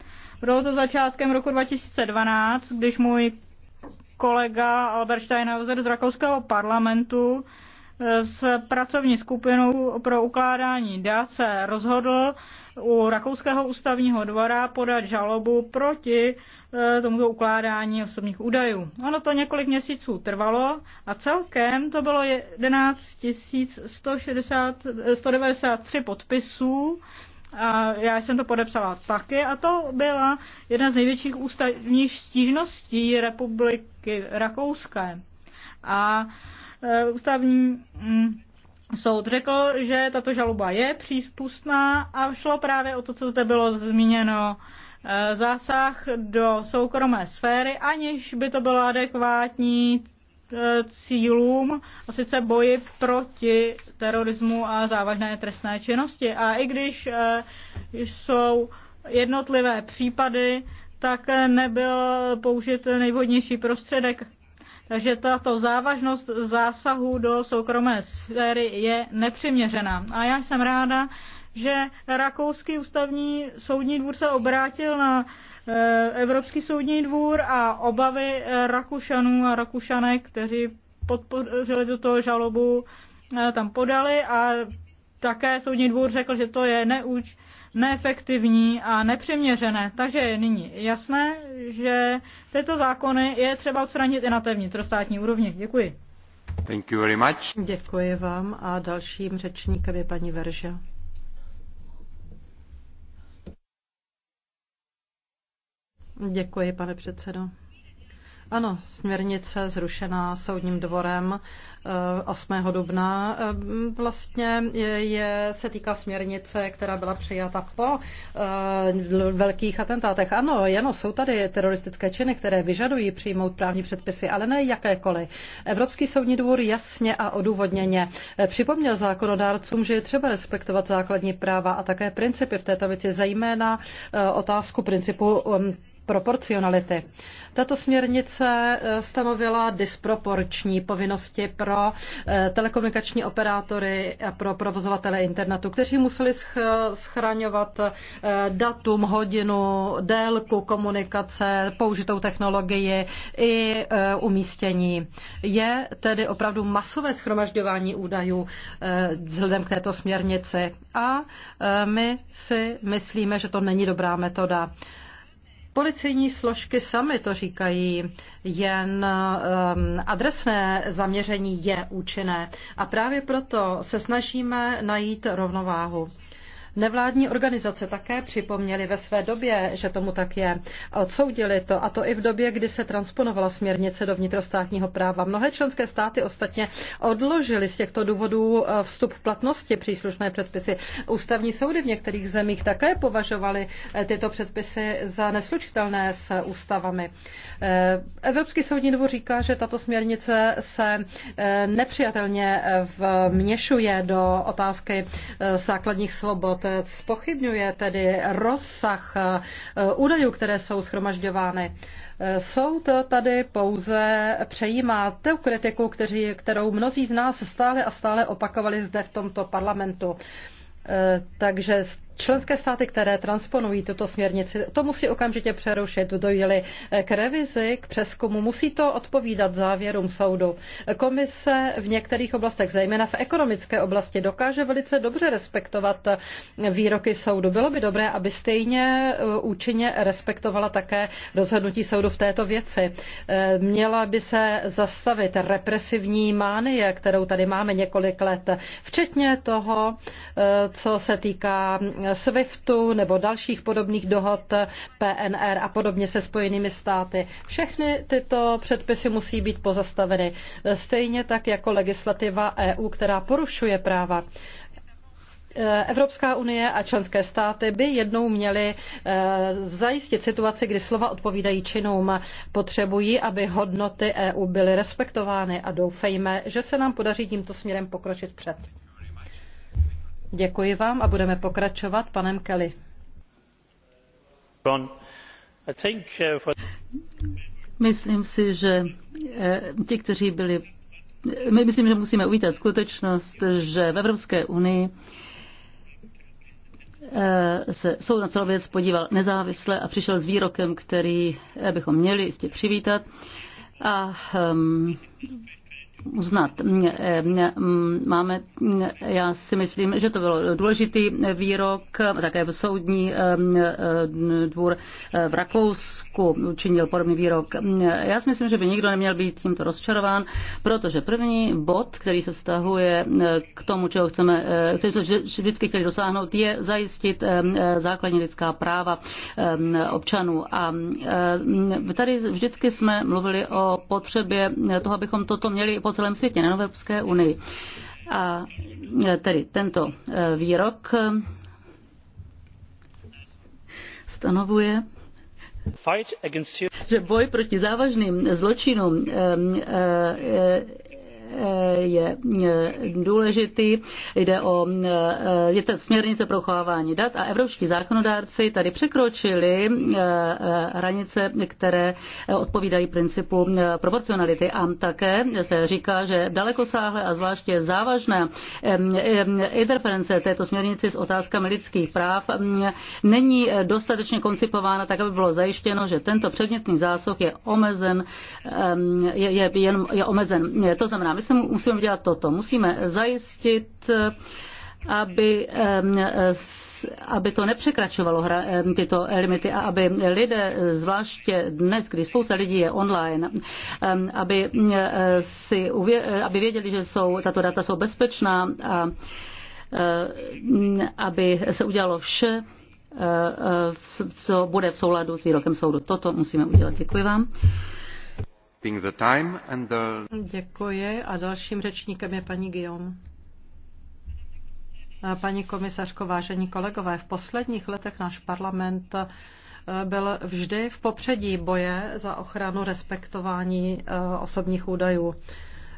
Bylo to začátkem roku 2012, když můj kolega Albert Steinhauser z rakouského parlamentu eh, s pracovní skupinou pro ukládání dát se rozhodl u Rakouského ústavního dvora podat žalobu proti e, tomuto ukládání osobních údajů. Ono to několik měsíců trvalo a celkem to bylo 11 160, 193 podpisů a já jsem to podepsala taky a to byla jedna z největších ústavních stížností republiky Rakouské. A e, ústavní mm, Soud řekl, že tato žaloba je přípustná a šlo právě o to, co zde bylo zmíněno, e, zásah do soukromé sféry, aniž by to bylo adekvátní e, cílům, a sice boji proti terorismu a závažné trestné činnosti. A i když e, jsou jednotlivé případy, tak nebyl použit nejvhodnější prostředek takže tato závažnost zásahu do soukromé sféry je nepřiměřená. A já jsem ráda, že Rakouský ústavní soudní dvůr se obrátil na eh, Evropský soudní dvůr a obavy Rakušanů a Rakušanek, kteří podpořili tuto žalobu, eh, tam podali a také soudní dvůr řekl, že to je neúč, neefektivní a nepřiměřené. Takže je nyní jasné, že tyto zákony je třeba odstranit i na té vnitrostátní úrovni. Děkuji. Thank you very much. Děkuji vám a dalším řečníkem je paní Verža. Děkuji, pane předsedo. Ano, směrnice zrušená soudním dvorem 8. Eh, dubna eh, vlastně je, se týká směrnice, která byla přijata po eh, velkých atentátech. Ano, jenom jsou tady teroristické činy, které vyžadují přijmout právní předpisy, ale ne jakékoliv. Evropský soudní dvůr jasně a odůvodněně připomněl zákonodárcům, že je třeba respektovat základní práva a také principy v této věci, zejména otázku principu proporcionality. Tato směrnice eh, stanovila disproporční povinnosti pro eh, telekomunikační operátory a pro provozovatele internetu, kteří museli schraňovat eh, datum, hodinu, délku komunikace, použitou technologii i umístění. Je tedy opravdu masové schromažďování údajů vzhledem k této směrnici a my si myslíme, že to není dobrá metoda. Policejní složky sami to říkají, jen um, adresné zaměření je účinné a právě proto se snažíme najít rovnováhu. Nevládní organizace také připomněly ve své době, že tomu tak je. Odsoudili to, a to i v době, kdy se transponovala směrnice do vnitrostátního práva. Mnohé členské státy ostatně odložily z těchto důvodů eh, vstup v platnosti příslušné předpisy. Ústavní soudy v některých zemích také považovaly eh, tyto předpisy za neslučitelné s ústavami. Eh, Evropský soudní dvůr říká, že tato směrnice se nepřijatelně vměšuje do otázky základních svobod otec spochybňuje tedy rozsah eh, údajů, které jsou schromažďovány. Eh, soud tady pouze přejímá tu kritiku, kteří, kterou mnozí z nás stále a stále opakovali zde v tomto parlamentu. Eh, takže Členské státy, které transponují tuto směrnici, to musí okamžitě přerušit. Dojeli eh, k revizi, k přeskumu, musí to odpovídat závěrům soudu. Komise v některých oblastech, zejména v ekonomické oblasti, dokáže velice dobře respektovat eh, výroky soudu. Bylo by dobré, aby stejně eh, účinně respektovala také rozhodnutí soudu v této věci. Měla by se zastavit represivní mánie, kterou tady máme několik let, včetně toho, co se týká SWIFTu nebo dalších podobných dohod PNR a podobně se spojenými státy. Všechny tyto předpisy musí být pozastaveny. Stejně tak jako legislativa EU, která porušuje práva. Evropská unie a členské státy by jednou měly eh, zajistit situaci, kdy slova odpovídají činům. Potřebují, aby hodnoty EU byly respektovány a doufejme, že se nám podaří tímto směrem pokročit před. Děkuji vám a budeme pokračovat panem Kelly. Uh, myslím si, že eh, ti, kteří byli. My myslím, že musíme uvítat skutečnost, že v Evropské unii eh, se soud na celou věc podíval nezávisle a přišel s výrokem, který eh, bychom měli jistě přivítat. A um, uznat. Eh, mm, máme, mm, já si myslím, že to byl důležitý výrok, také v soudní eh, mm, eh, dvůr v Rakousku učinil podobný výrok. Já si myslím, že by nikdo neměl být tímto rozčarován, protože první bod, který se vztahuje k tomu, čeho chceme, který se vždycky chtěli dosáhnout, je zajistit základní lidská práva občanů. A tady vždycky jsme mluvili o potřebě toho, abychom toto měli po celém světě, na Evropské unii. A e, tedy tento e, výrok e, stanovuje, že boj proti závažným zločinům je e, důležitý. Jde o e, je to směrnice pro chování dat a evropští zákonodárci tady překročili e, hranice, které odpovídají principu proporcionality. A také se říká, že dalekosáhle a zvláště závažné interference této směrnici s otázkami lidských práv není dostatečně koncipována tak, aby bylo zajištěno, že tento předmětný zásah je omezen, je, je, je, je omezen. To znamená, aby se musíme udělat toto. Musíme zajistit eh, aby, aby to nepřekračovalo hra, tyto limity a aby lidé, zvláště dnes, kdy spousta lidí je online, aby, eh, si, eh, aby věděli, že jsou, tato data jsou bezpečná a aby se udělalo vše, co bude v souladu s výrokem soudu. Toto musíme udělat. Děkuji vám. The time and the... Děkuji a dalším řečníkem je paní Guillaume. Paní komisařko, vážení kolegové, v posledních letech náš parlament eh, byl vždy v popředí boje za ochranu respektování eh, osobních údajů.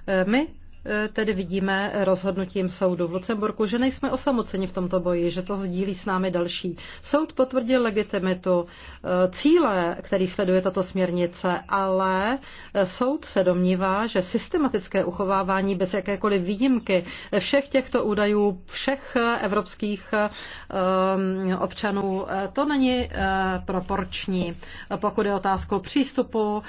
Eh, my E, tedy vidíme rozhodnutím soudu v Lucemburku, že nejsme osamoceni v tomto boji, že to sdílí s námi další. Soud potvrdil legitimitu e, cíle, který sleduje tato směrnice, ale e, soud se domnívá, že systematické uchovávání bez jakékoliv výjimky všech těchto údajů všech evropských občanů, to není proporční. Pokud je otázku přístupu,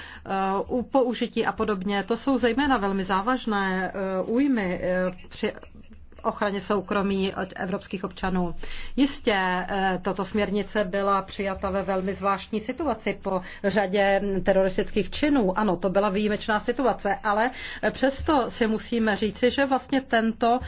použití a podobně, to jsou zejména velmi závažné Eh, ujmy eh, při ochraně soukromí od evropských občanů. Jistě eh, tato směrnice byla přijata ve velmi zvláštní situaci po řadě teroristických činů. Ano, to byla výjimečná situace, ale přesto si musíme říci, že vlastně tento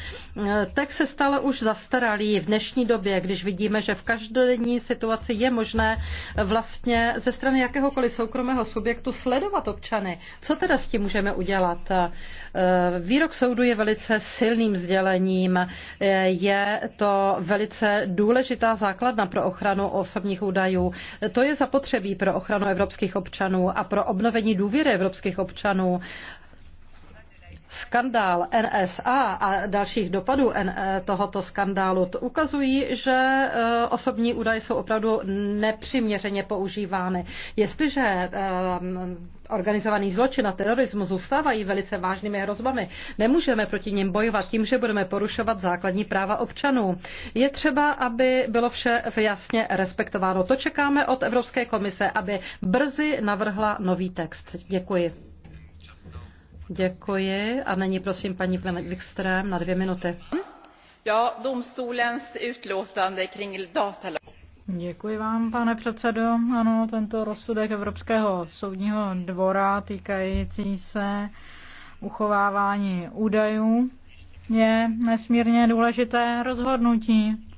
eh, text se stále už zastaralý v dnešní době, když vidíme, že v každodenní situaci je možné vlastně ze strany jakéhokoliv soukromého subjektu sledovat občany. Co teda s tím můžeme udělat? Eh, výrok soudu je velice silným sdělením zemím. Je to velice důležitá základna pro ochranu osobních údajů. To je zapotřebí pro ochranu evropských občanů a pro obnovení důvěry evropských občanů skandál NSA a dalších dopadů eh, tohoto skandálu to ukazují, že eh, osobní údaje jsou opravdu nepřiměřeně používány. Jestliže eh, organizovaný zločin a terorismus zůstávají velice vážnými hrozbami, nemůžeme proti nim bojovat tím, že budeme porušovat základní práva občanů. Je třeba, aby bylo vše jasně respektováno. To čekáme od Evropské komise, aby brzy navrhla nový text. Děkuji. Děkuji a není prosím paní Wikström na dvě minuty. Ja, domstolens utlåtande kring datalag. Děkuji vám, pane předsedo. Ano, tento rozsudek Evropského soudního dvora týkající se uchovávání údajů je nesmírně důležité rozhodnutí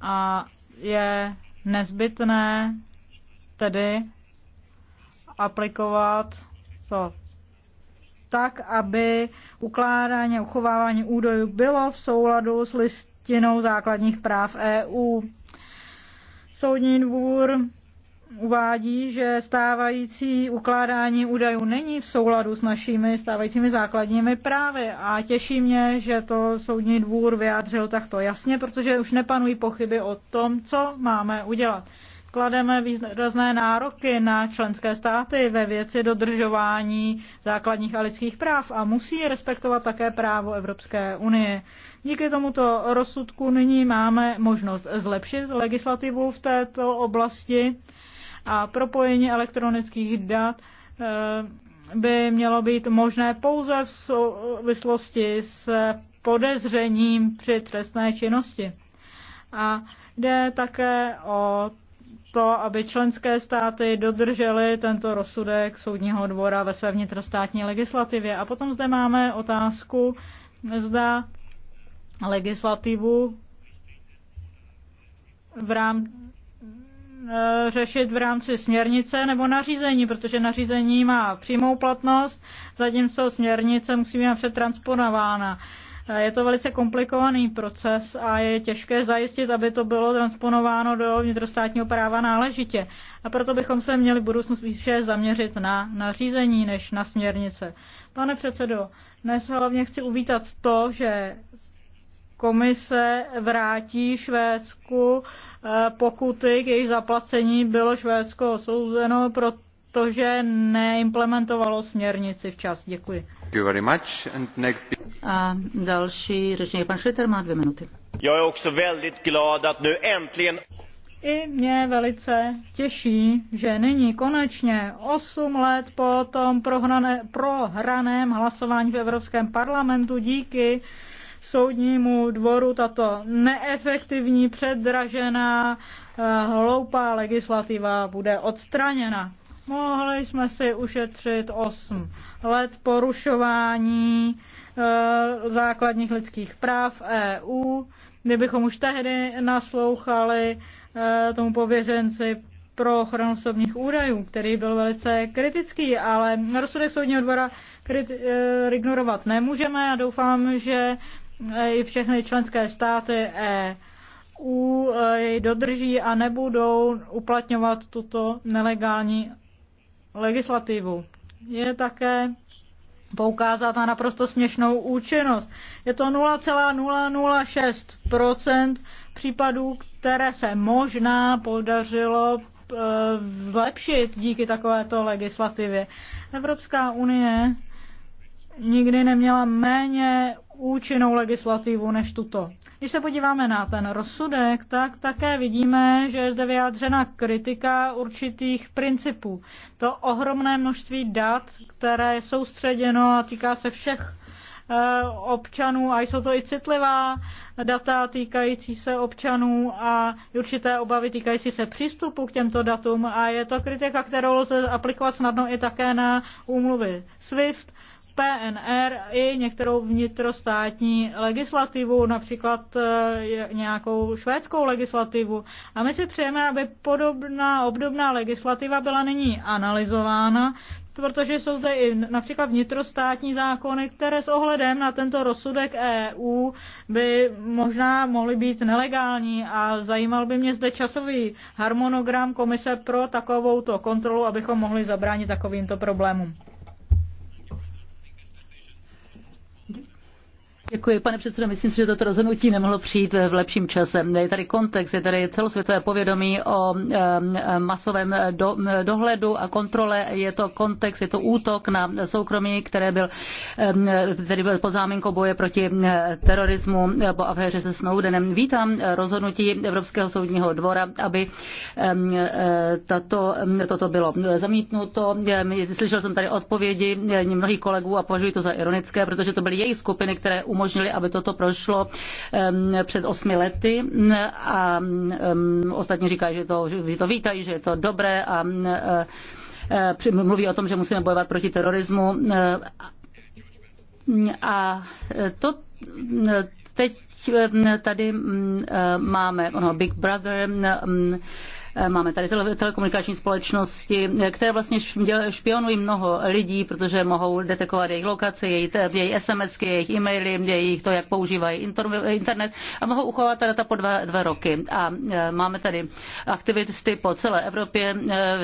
a je nezbytné tedy aplikovat to tak, aby ukládání a uchovávání údajů bylo v souladu s listinou základních práv EU. Soudní dvůr uvádí, že stávající ukládání údajů není v souladu s našimi stávajícími základními právy a těší mě, že to soudní dvůr vyjádřil takto jasně, protože už nepanují pochyby o tom, co máme udělat klademe výrazné nároky na členské státy ve věci dodržování základních a lidských práv a musí respektovat také právo Evropské unie. Díky tomuto rozsudku nyní máme možnost zlepšit legislativu v této oblasti a propojení elektronických dat eh, by mělo být možné pouze v souvislosti s podezřením při trestné činnosti. A jde také o to, aby členské státy dodržely tento rozsudek soudního dvora ve své vnitrostátní legislativě. A potom zde máme otázku, zda legislativu v rám, eh, řešit v rámci směrnice nebo nařízení, protože nařízení má přímou platnost, zatímco směrnice musí být přetransponována. Eh, je to velice komplikovaný proces a je těžké zajistit, aby to bylo transponováno do vnitrostátního práva náležitě. A proto bychom se měli v budoucnu spíše zaměřit na nařízení než na směrnice. Pane předsedo, dnes hlavně chci uvítat to, že komise vrátí Švédsku eh, pokuty, k jejich zaplacení bylo Švédsko osouzeno, protože neimplementovalo směrnici včas. Děkuji další řečník, pan Schlitter, má dvě minuty. Já I mě velice těší, že nyní konečně 8 let po tom prohrané, prohraném hlasování v Evropském parlamentu díky soudnímu dvoru tato neefektivní, předražená, eh, hloupá legislativa bude odstraněna. Mohli jsme si ušetřit 8 let porušování eh, základních lidských práv EU. Kdybychom už tehdy naslouchali eh, tomu pověřenci pro ochranu osobních údajů, který byl velice kritický, ale na rozsudek soudního dvora eh, ignorovat nemůžeme a doufám, že i všechny členské státy EU jej dodrží a nebudou uplatňovat tuto nelegální legislativu je také poukázat na naprosto směšnou účinnost. Je to 0,006 případů, které se možná podařilo eh, zlepšit díky takovéto legislativě. Evropská unie nikdy neměla méně účinnou legislativu než tuto. Když se podíváme na ten rozsudek, tak také vidíme, že je zde vyjádřena kritika určitých principů. To ohromné množství dat, které je soustředěno a týká se všech eh, občanů a jsou to i citlivá data týkající se občanů a určité obavy týkající se přístupu k těmto datům a je to kritika, kterou lze aplikovat snadno i také na úmluvy SWIFT PNR i některou vnitrostátní legislativu, například eh, nějakou švédskou legislativu. A my si přejeme, aby podobná, obdobná legislativa byla nyní analyzována, protože jsou zde i například vnitrostátní zákony, které s ohledem na tento rozsudek EU by možná mohly být nelegální a zajímal by mě zde časový harmonogram komise pro takovouto kontrolu, abychom mohli zabránit takovýmto problémům. Děkuji, pane předsedo. Myslím si, že toto rozhodnutí nemohlo přijít v lepším čase. Je tady kontext, je tady celosvětové povědomí o masovém dohledu a kontrole. Je to kontext, je to útok na soukromí, které byl, který byl pod záminkou boje proti terorismu po aféře se Snowdenem. Vítám rozhodnutí Evropského soudního dvora, aby e, tato, toto bylo zamítnuto. Slyšel jsem tady odpovědi mnohých kolegů a považuji to za ironické, protože to byly jejich skupiny, které umožnily umožnili, aby toto prošlo před osmi lety a ostatní říkají, že to, že to vítají, že je to dobré a eh, mluví o tom, že musíme bojovat proti terorismu. Eh, a eh, to teď tady mm, máme ono, Big Brother, mm, Eh, máme tady tele, telekomunikační společnosti, eh, které vlastně špionují mnoho lidí, protože mohou detekovat jejich lokaci, jejich, jejich SMSky, jejich e-maily, jejich to, jak používají eh, internet a mohou uchovat ta data po dva, dva roky. A máme tady aktivisty po celé Evropě,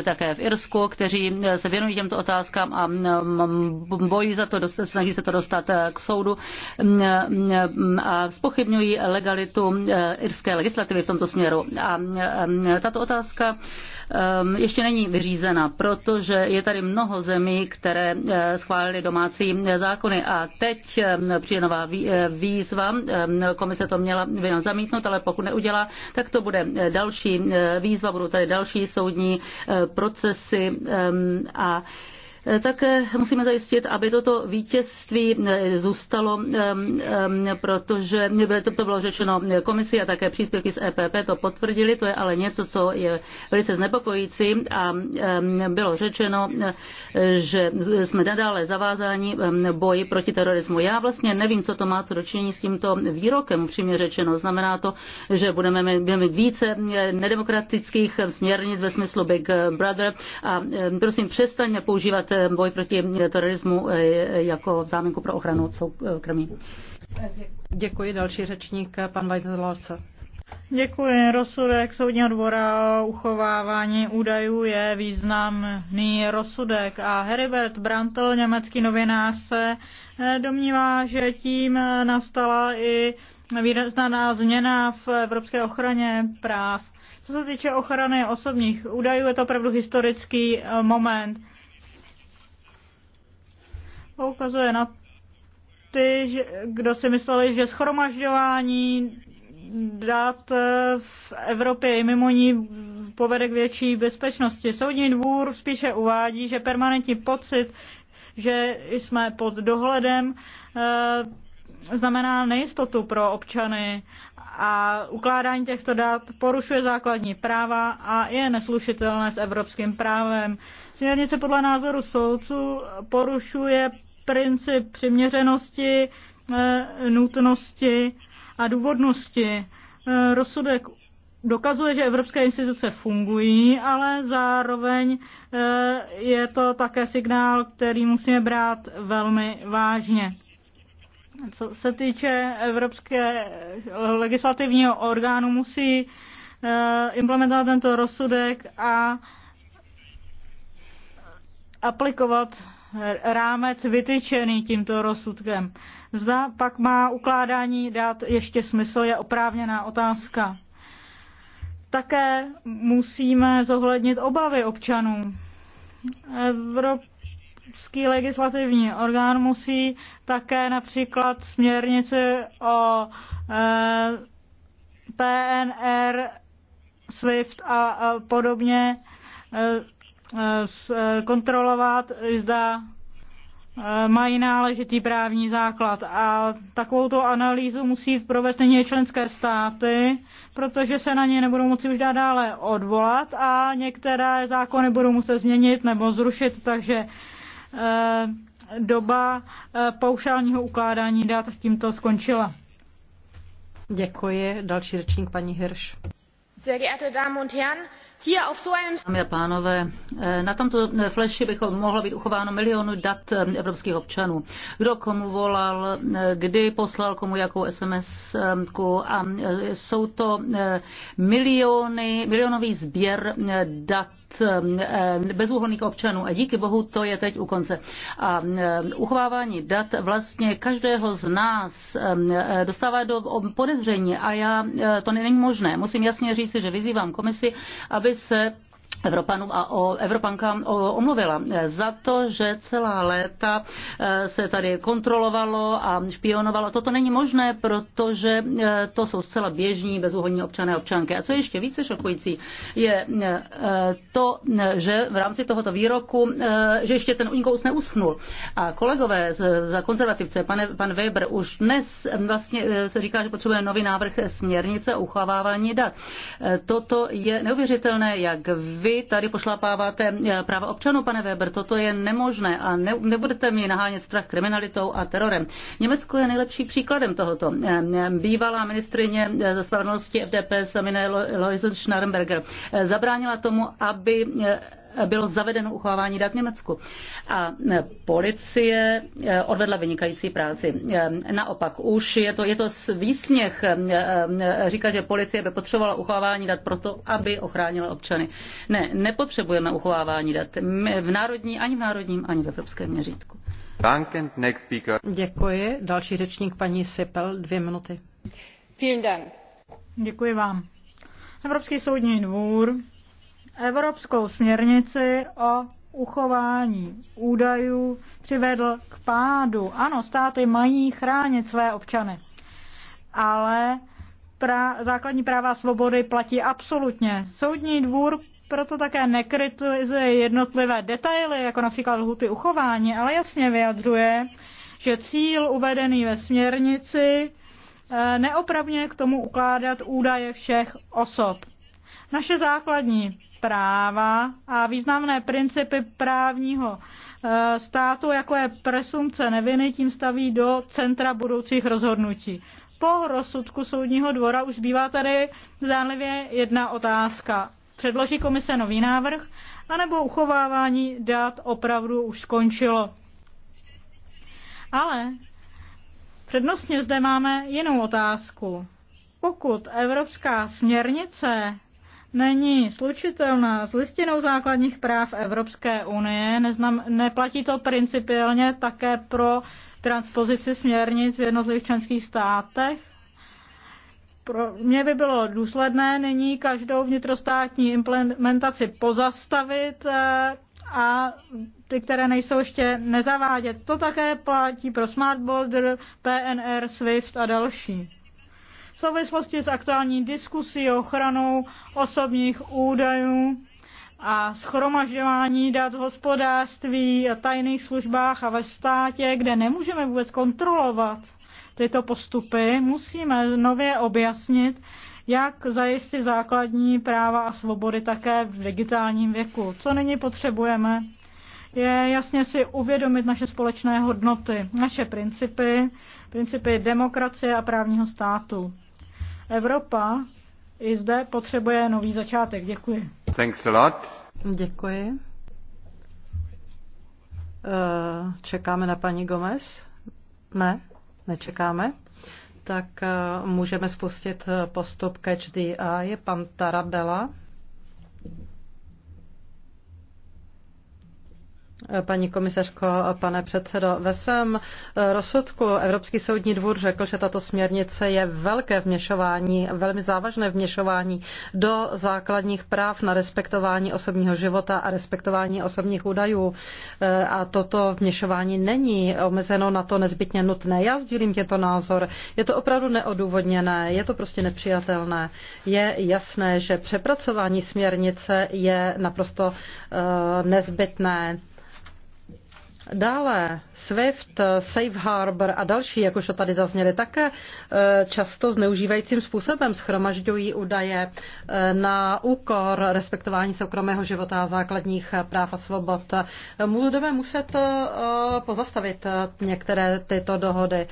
také v Irsku, kteří se věnují těmto otázkám a mm, mm, bojí za to, snaží se to dostat k soudu mm, a spochybňují legalitu irské legislativy v tomto směru. A tato otázka otázka ehm, ještě není vyřízena, protože je tady mnoho zemí, které eh, schválily domácí eh, zákony a teď ehm, přijde nová eh, výzva. Ehm, komise to měla by nám zamítnout, ale pokud neudělá, tak to bude další výzva, budou tady další soudní procesy a Eh, také eh, musíme zajistit, aby toto vítězství eh, zůstalo, protože to bylo řečeno komisi a také příspěvky z EPP to potvrdili, to je ale něco, co je velice znepokojící a bylo řečeno, že jsme nadále zavázáni boji proti terorismu. Já vlastně nevím, co to má co dočinění s tímto výrokem, upřímně řečeno. Znamená to, že budeme mít více nedemokratických směrnic ve smyslu Big Brother a prosím přestaňme používat boj proti terorismu eh, jako záminku pro ochranu soukromí. Eh, Děkuji. Další řečník, eh, pan Vajtzelovce. Děkuji. Rozsudek soudního dvora o uchovávání údajů je významný rozsudek a Heribert Brantl, německý novinář, se domnívá, že tím nastala i výrazná změna v evropské ochraně práv. Co se týče ochrany osobních údajů, je to opravdu historický moment poukazuje na ty, že, kdo si mysleli, že schromažďování dát v Evropě i mimo ní povede k větší bezpečnosti. Soudní dvůr spíše uvádí, že permanentní pocit, že jsme pod dohledem, eh, znamená nejistotu pro občany a ukládání těchto dát porušuje základní práva a je neslušitelné s evropským právem. Směrnice podle názoru soudců porušuje princip přiměřenosti, eh, nutnosti a důvodnosti. Eh, rozsudek dokazuje, že evropské instituce fungují, ale zároveň eh, je to také signál, který musíme brát velmi vážně. Co se týče evropské legislativního orgánu, musí implementovat tento rozsudek a aplikovat rámec vytyčený tímto rozsudkem. Zda pak má ukládání dát ještě smysl, je oprávněná otázka. Také musíme zohlednit obavy občanů. Evropský legislativní orgán musí také například směrnici o eh, PNR, SWIFT a podobně eh, kontrolovat, zda eh, mají náležitý právní základ. A takovouto analýzu musí provést nyní členské státy, protože se na ně nebudou moci už dát dále odvolat a některé zákony budou muset změnit nebo zrušit, takže eh, doba eh, paušálního ukládání dat s tímto skončila. Děkuji. Další řečník paní Hirš. Sehr geehrte Damen und Herren, Dámy a pánové, eh, na tomto eh, fleši bychom mohlo být uchováno milionu dat eh, evropských občanů. Kdo komu volal, kdy poslal komu jakou SMS -ku a jsou to miliony, milionový sběr dat Eh, bezúhonných občanů a díky bohu to je teď u konce. A eh, uchovávání dat vlastně každého z nás eh, dostává do podezření a já to není možné. Musím jasně říci, že vyzývám komisi, aby se Evropanům a o, Evropankám omluvila za to, že celá léta e, se tady kontrolovalo a špionovalo. Toto není možné, protože e, to jsou zcela běžní bezúhodní občané a občanky. A co je ještě více šokující, je e, to, že v rámci tohoto výroku, že ještě ten Unikous neuschnul. A kolegové za konzervativce, pane, pan Weber, už dnes vlastně se říká, že potřebuje nový návrh směrnice o uchovávání dat. Toto je neuvěřitelné, jak vy vy tady pošlapáváte eh, práva občanů, pane Weber. Toto je nemožné a ne, nebudete mi nahánět strach kriminalitou a terorem. Německo je nejlepší příkladem tohoto. Eh, eh, bývalá ministrině spravedlnosti FDP Samine Loisen Schnarrenberger zabránila tomu, aby bylo zavedeno uchovávání dat v Německu. A e, policie e, odvedla vynikající práci. E, naopak už je to, je to výsměch říkat, že policie by potřebovala uchovávání dat proto, aby ochránila občany. Ne, nepotřebujeme uchovávání dat v národní, ani v národním, ani v evropském měřítku. Děkuji. Další řečník paní Sipel, dvě minuty. Děkuji vám. Evropský soudní dvůr Evropskou směrnici o uchování údajů přivedl k pádu. Ano, státy mají chránit své občany, ale pra, základní práva a svobody platí absolutně. Soudní dvůr proto také nekritizuje jednotlivé detaily, jako například lhuty uchování, ale jasně vyjadřuje, že cíl uvedený ve směrnici eh, neopravně k tomu ukládat údaje všech osob. Naše základní práva a významné principy právního eh, státu, jako je presumce neviny, tím staví do centra budoucích rozhodnutí. Po rozsudku soudního dvora už bývá tady zdánlivě jedna otázka. Předloží komise nový návrh, anebo uchovávání dat opravdu už skončilo. Ale přednostně zde máme jinou otázku. Pokud evropská směrnice není slučitelná s listinou základních práv Evropské unie. Neznam, neplatí to principiálně také pro transpozici směrnic v jednotlivých členských státech. Pro mě by bylo důsledné nyní každou vnitrostátní implementaci pozastavit eh, a ty, které nejsou ještě nezavádět. To také platí pro Smart Border, PNR, SWIFT a další v souvislosti s aktuální diskusí o ochranou osobních údajů a schromažďování dat v hospodářství a tajných službách a ve státě, kde nemůžeme vůbec kontrolovat tyto postupy, musíme nově objasnit, jak zajistit základní práva a svobody také v digitálním věku. Co nyní potřebujeme, je jasně si uvědomit naše společné hodnoty, naše principy, principy demokracie a právního státu. Evropa i zde potřebuje nový začátek. Děkuji. Thanks a lot. Děkuji. Eh, čekáme na paní Gomez? Ne, nečekáme. Tak eh, můžeme spustit postup Catch the Eye. Pan Tarabela. Paní komisařko, pane předsedo, ve svém eh, rozsudku Evropský soudní dvůr řekl, že tato směrnice je velké vměšování, velmi závažné vměšování do základních práv na respektování osobního života a respektování osobních údajů. Eh, a toto vměšování není omezeno na to nezbytně nutné. Já sdílím těto názor. Je to opravdu neodůvodněné, je to prostě nepřijatelné. Je jasné, že přepracování směrnice je naprosto eh, nezbytné. Dále SWIFT, Safe Harbor a další, jak už to tady zazněly, také eh, často zneužívajícím způsobem schromažďují údaje eh, na úkor respektování soukromého života a základních eh, práv a svobod. Budeme muset pozastavit některé tyto dohody.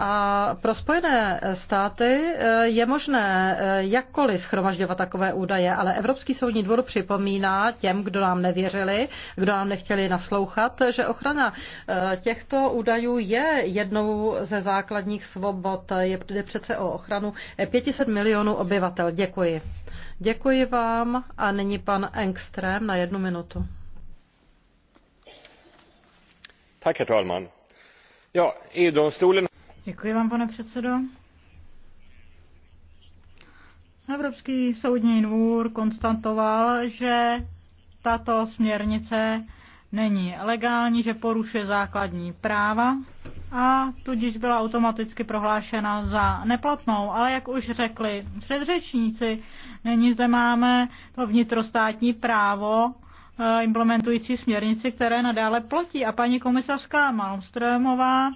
A pro Spojené státy eh, je možné eh, jakkoliv schromažďovat takové údaje, ale Evropský soudní dvor připomíná těm, kdo nám nevěřili, kdo nám nechtěli naslouchat, že ochrana eh, těchto údajů je jednou ze základních svobod. je přece o ochranu 500 milionů obyvatel. Děkuji. Děkuji vám a nyní pan Engström na jednu minutu. Tak, herr talman. Ja, EU-domstolen Děkuji vám, pane předsedo. Evropský soudní dvůr konstatoval, že tato směrnice není legální, že porušuje základní práva a tudíž byla automaticky prohlášena za neplatnou. Ale jak už řekli předřečníci, není zde máme to vnitrostátní právo eh, implementující směrnici, které nadále platí. A paní komisařka Malmströmová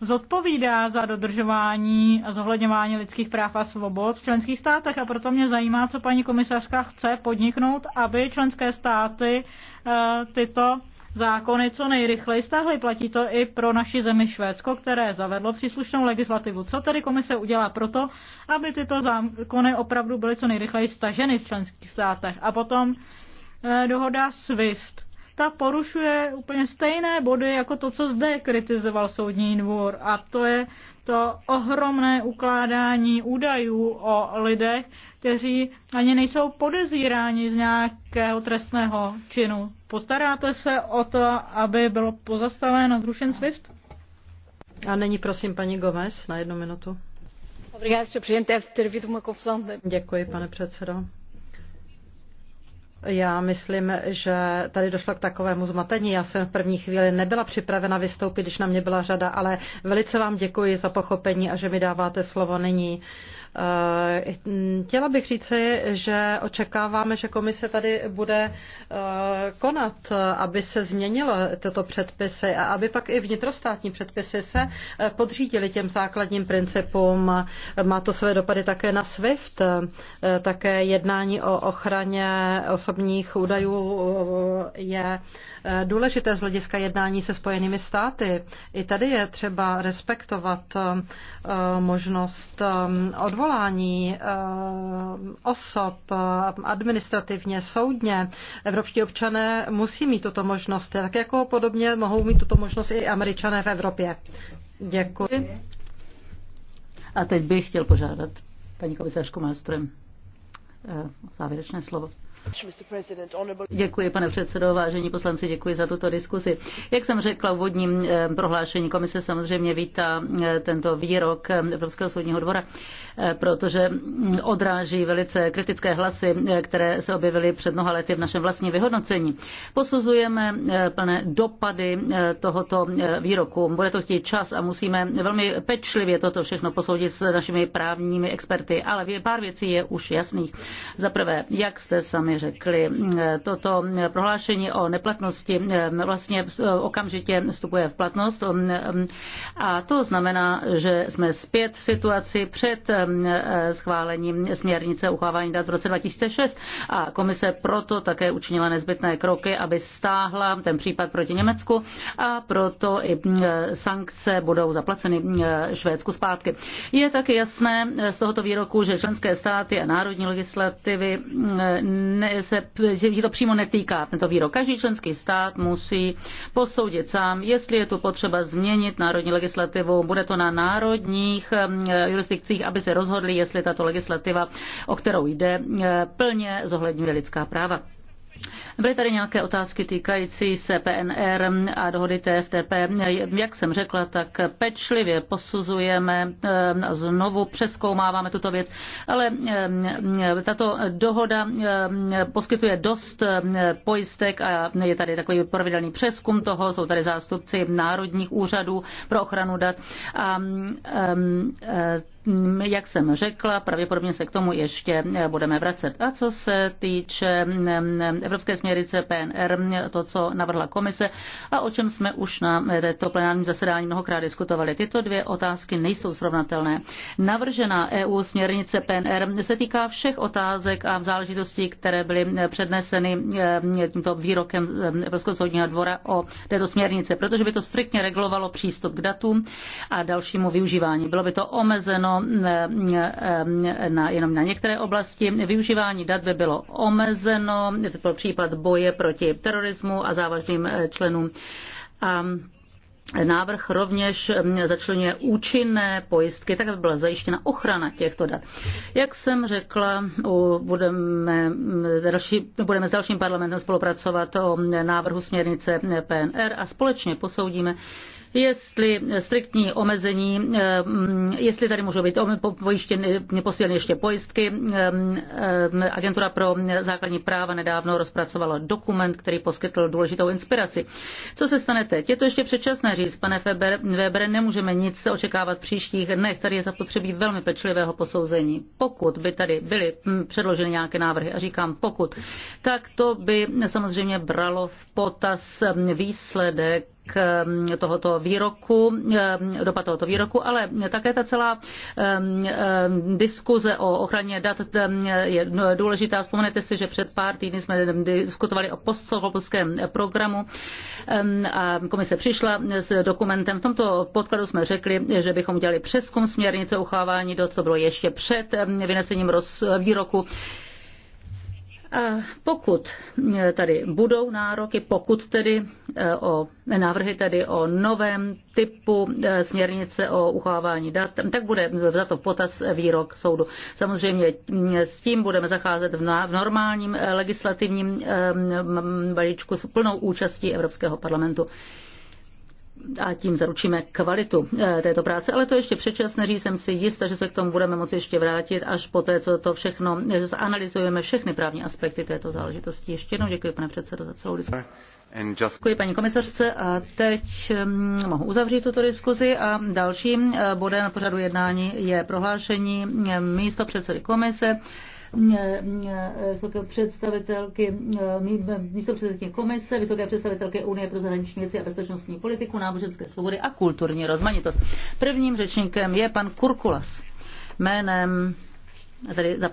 zodpovídá za dodržování a zohledňování lidských práv a svobod v členských státech a proto mě zajímá, co paní komisařka chce podniknout, aby členské státy eh, tyto zákony co nejrychleji stáhly. Platí to i pro naši zemi Švédsko, které zavedlo příslušnou legislativu. Co tedy komise udělá proto, aby tyto zákony opravdu byly co nejrychleji staženy v členských státech? A potom eh, dohoda SWIFT ta porušuje úplně stejné body jako to, co zde kritizoval soudní dvůr. A to je to ohromné ukládání údajů o lidech, kteří ani nejsou podezíráni z nějakého trestného činu. Postaráte se o to, aby bylo pozastaveno zrušen SWIFT? A není prosím paní Gomez na jednu minutu. Děkuji, pane předsedo. Já myslím, že tady došlo k takovému zmatení. Já jsem v první chvíli nebyla připravena vystoupit, když na mě byla řada, ale velice vám děkuji za pochopení a že mi dáváte slovo nyní. Uh, Eh, chtěla bych říci, že očekáváme, že komise tady bude eh, konat, aby se změnilo tyto předpisy a aby pak i vnitrostátní předpisy se eh, podřídily těm základním principům. Má to své dopady také na SWIFT, také jednání o ochraně osobních údajů je důležité z hlediska jednání se Spojenými státy. I tady je třeba respektovat možnost odvolání odvolání eh, osob eh, administrativně, soudně, evropští občané musí mít tuto možnost, tak jako podobně mohou mít tuto možnost i američané v Evropě. Děkuji. A teď bych chtěl požádat paní komisařku Malström eh, závěrečné slovo. Děkuji, pane předsedo, vážení poslanci, děkuji za tuto diskusi. Jak jsem řekla v úvodním eh, prohlášení, komise samozřejmě vítá eh, tento výrok eh, Evropského soudního dvora, protože mm, odráží velice kritické hlasy, které se objevily před mnoha lety v našem vlastním vyhodnocení. Posuzujeme plné dopady tohoto výroku. Bude to chtít čas a musíme velmi pečlivě toto všechno posoudit s našimi právními experty, ale pár věcí je už jasných. Za prvé, jak jste sami sami řekli. Toto prohlášení o neplatnosti eh, vlastně eh, okamžitě vstupuje v platnost eh, a to znamená, že jsme zpět v situaci před schválením směrnice uchávání dat v roce 2006 a komise proto také učinila nezbytné kroky, aby stáhla ten případ proti Německu a proto i sankce budou zaplaceny Švédsku zpátky. Je také jasné z tohoto výroku, že členské státy a národní legislativy mm, se, se to přímo netýká, tento výrok. Každý členský stát musí posoudit sám, jestli je tu potřeba změnit národní legislativu. Bude to na národních jurisdikcích, aby se rozhodli, jestli tato legislativa, o kterou jde, plně zohledňuje lidská práva. Byly tady nějaké otázky týkající se PNR a dohody TFTP. Jak jsem řekla, tak pečlivě posuzujeme, eh, znovu přeskoumáváme tuto věc, ale eh, tato dohoda eh, poskytuje dost pojistek a je tady takový pravidelný přeskum toho, jsou tady zástupci národních úřadů pro ochranu dat. A, Mm, jak jsem řekla, pravděpodobně se k tomu ještě eh, budeme vracet. A co se týče mm, mm, Evropské směrnice PNR, to, co navrhla komise a o čem jsme už na eh, to plenárním zasedání mnohokrát diskutovali, tyto dvě otázky nejsou srovnatelné. Navržená EU směrnice PNR se týká všech otázek a v záležitostí, které byly eh, předneseny tímto výrokem Evropského soudního dvora o této směrnice, protože by to striktně regulovalo přístup k datům a dalšímu využívání. Bylo by to omezeno omezeno na, jenom na některé oblasti. Využívání dat by bylo omezeno To pro případ boje proti terorismu a závažným e, členům. A Návrh rovněž začlenuje účinné pojistky, tak aby byla zajištěna ochrana těchto dat. Jak jsem řekla, budeme, další, budeme s dalším parlamentem spolupracovat o návrhu směrnice PNR a společně posoudíme, jestli striktní omezení, eh, jestli tady můžou být pojištěny, posíleny ještě pojistky. Eh, eh, agentura pro základní práva nedávno rozpracovala dokument, který poskytl důležitou inspiraci. Co se stane teď? Je to ještě předčasné říct, pane Weber, Weber nemůžeme nic očekávat v příštích dnech. Tady je zapotřebí velmi pečlivého posouzení. Pokud by tady byly hm, předloženy nějaké návrhy, a říkám pokud, tak to by samozřejmě bralo v potaz hm, výsledek k mm, tohoto výroku, mm, dopad tohoto výroku, ale také ta celá mm, diskuze o ochraně dat je důležitá. Vzpomenete si, že před pár týdny jsme diskutovali o postsovolském programu a komise přišla s dokumentem. V tomto podkladu jsme řekli, že bychom dělali přeskum směrnice uchávání dat, to bylo ještě před vynesením roz, výroku. A pokud eh, tady budou nároky, pokud tedy eh, o návrhy tedy o novém typu eh, směrnice o uchovávání dat, tak bude za to v potaz výrok soudu. Samozřejmě mm, s tím budeme zacházet v normálním legislativním balíčku s plnou účastí Evropského parlamentu a tím zaručíme kvalitu eh, této práce, ale to ještě předčasné říct, jsem si jistá, že se k tomu budeme moci ještě vrátit až po té, co to všechno, že eh, zanalizujeme všechny právní aspekty této záležitosti. Ještě jednou děkuji, pane předsedo, za celou diskusi. Just... Děkuji paní komisařce a teď ehm, mohu uzavřít tuto diskuzi a dalším eh, bodem na pořadu jednání je prohlášení místo předsedy komise Eh, vysoké představitelky, eh, eh, místo předsedkyně komise, vysoké představitelky Unie pro zahraniční věci a bezpečnostní politiku, náboženské svobody a kulturní rozmanitost. Prvním řečníkem je pan Kurkulas jménem, tady za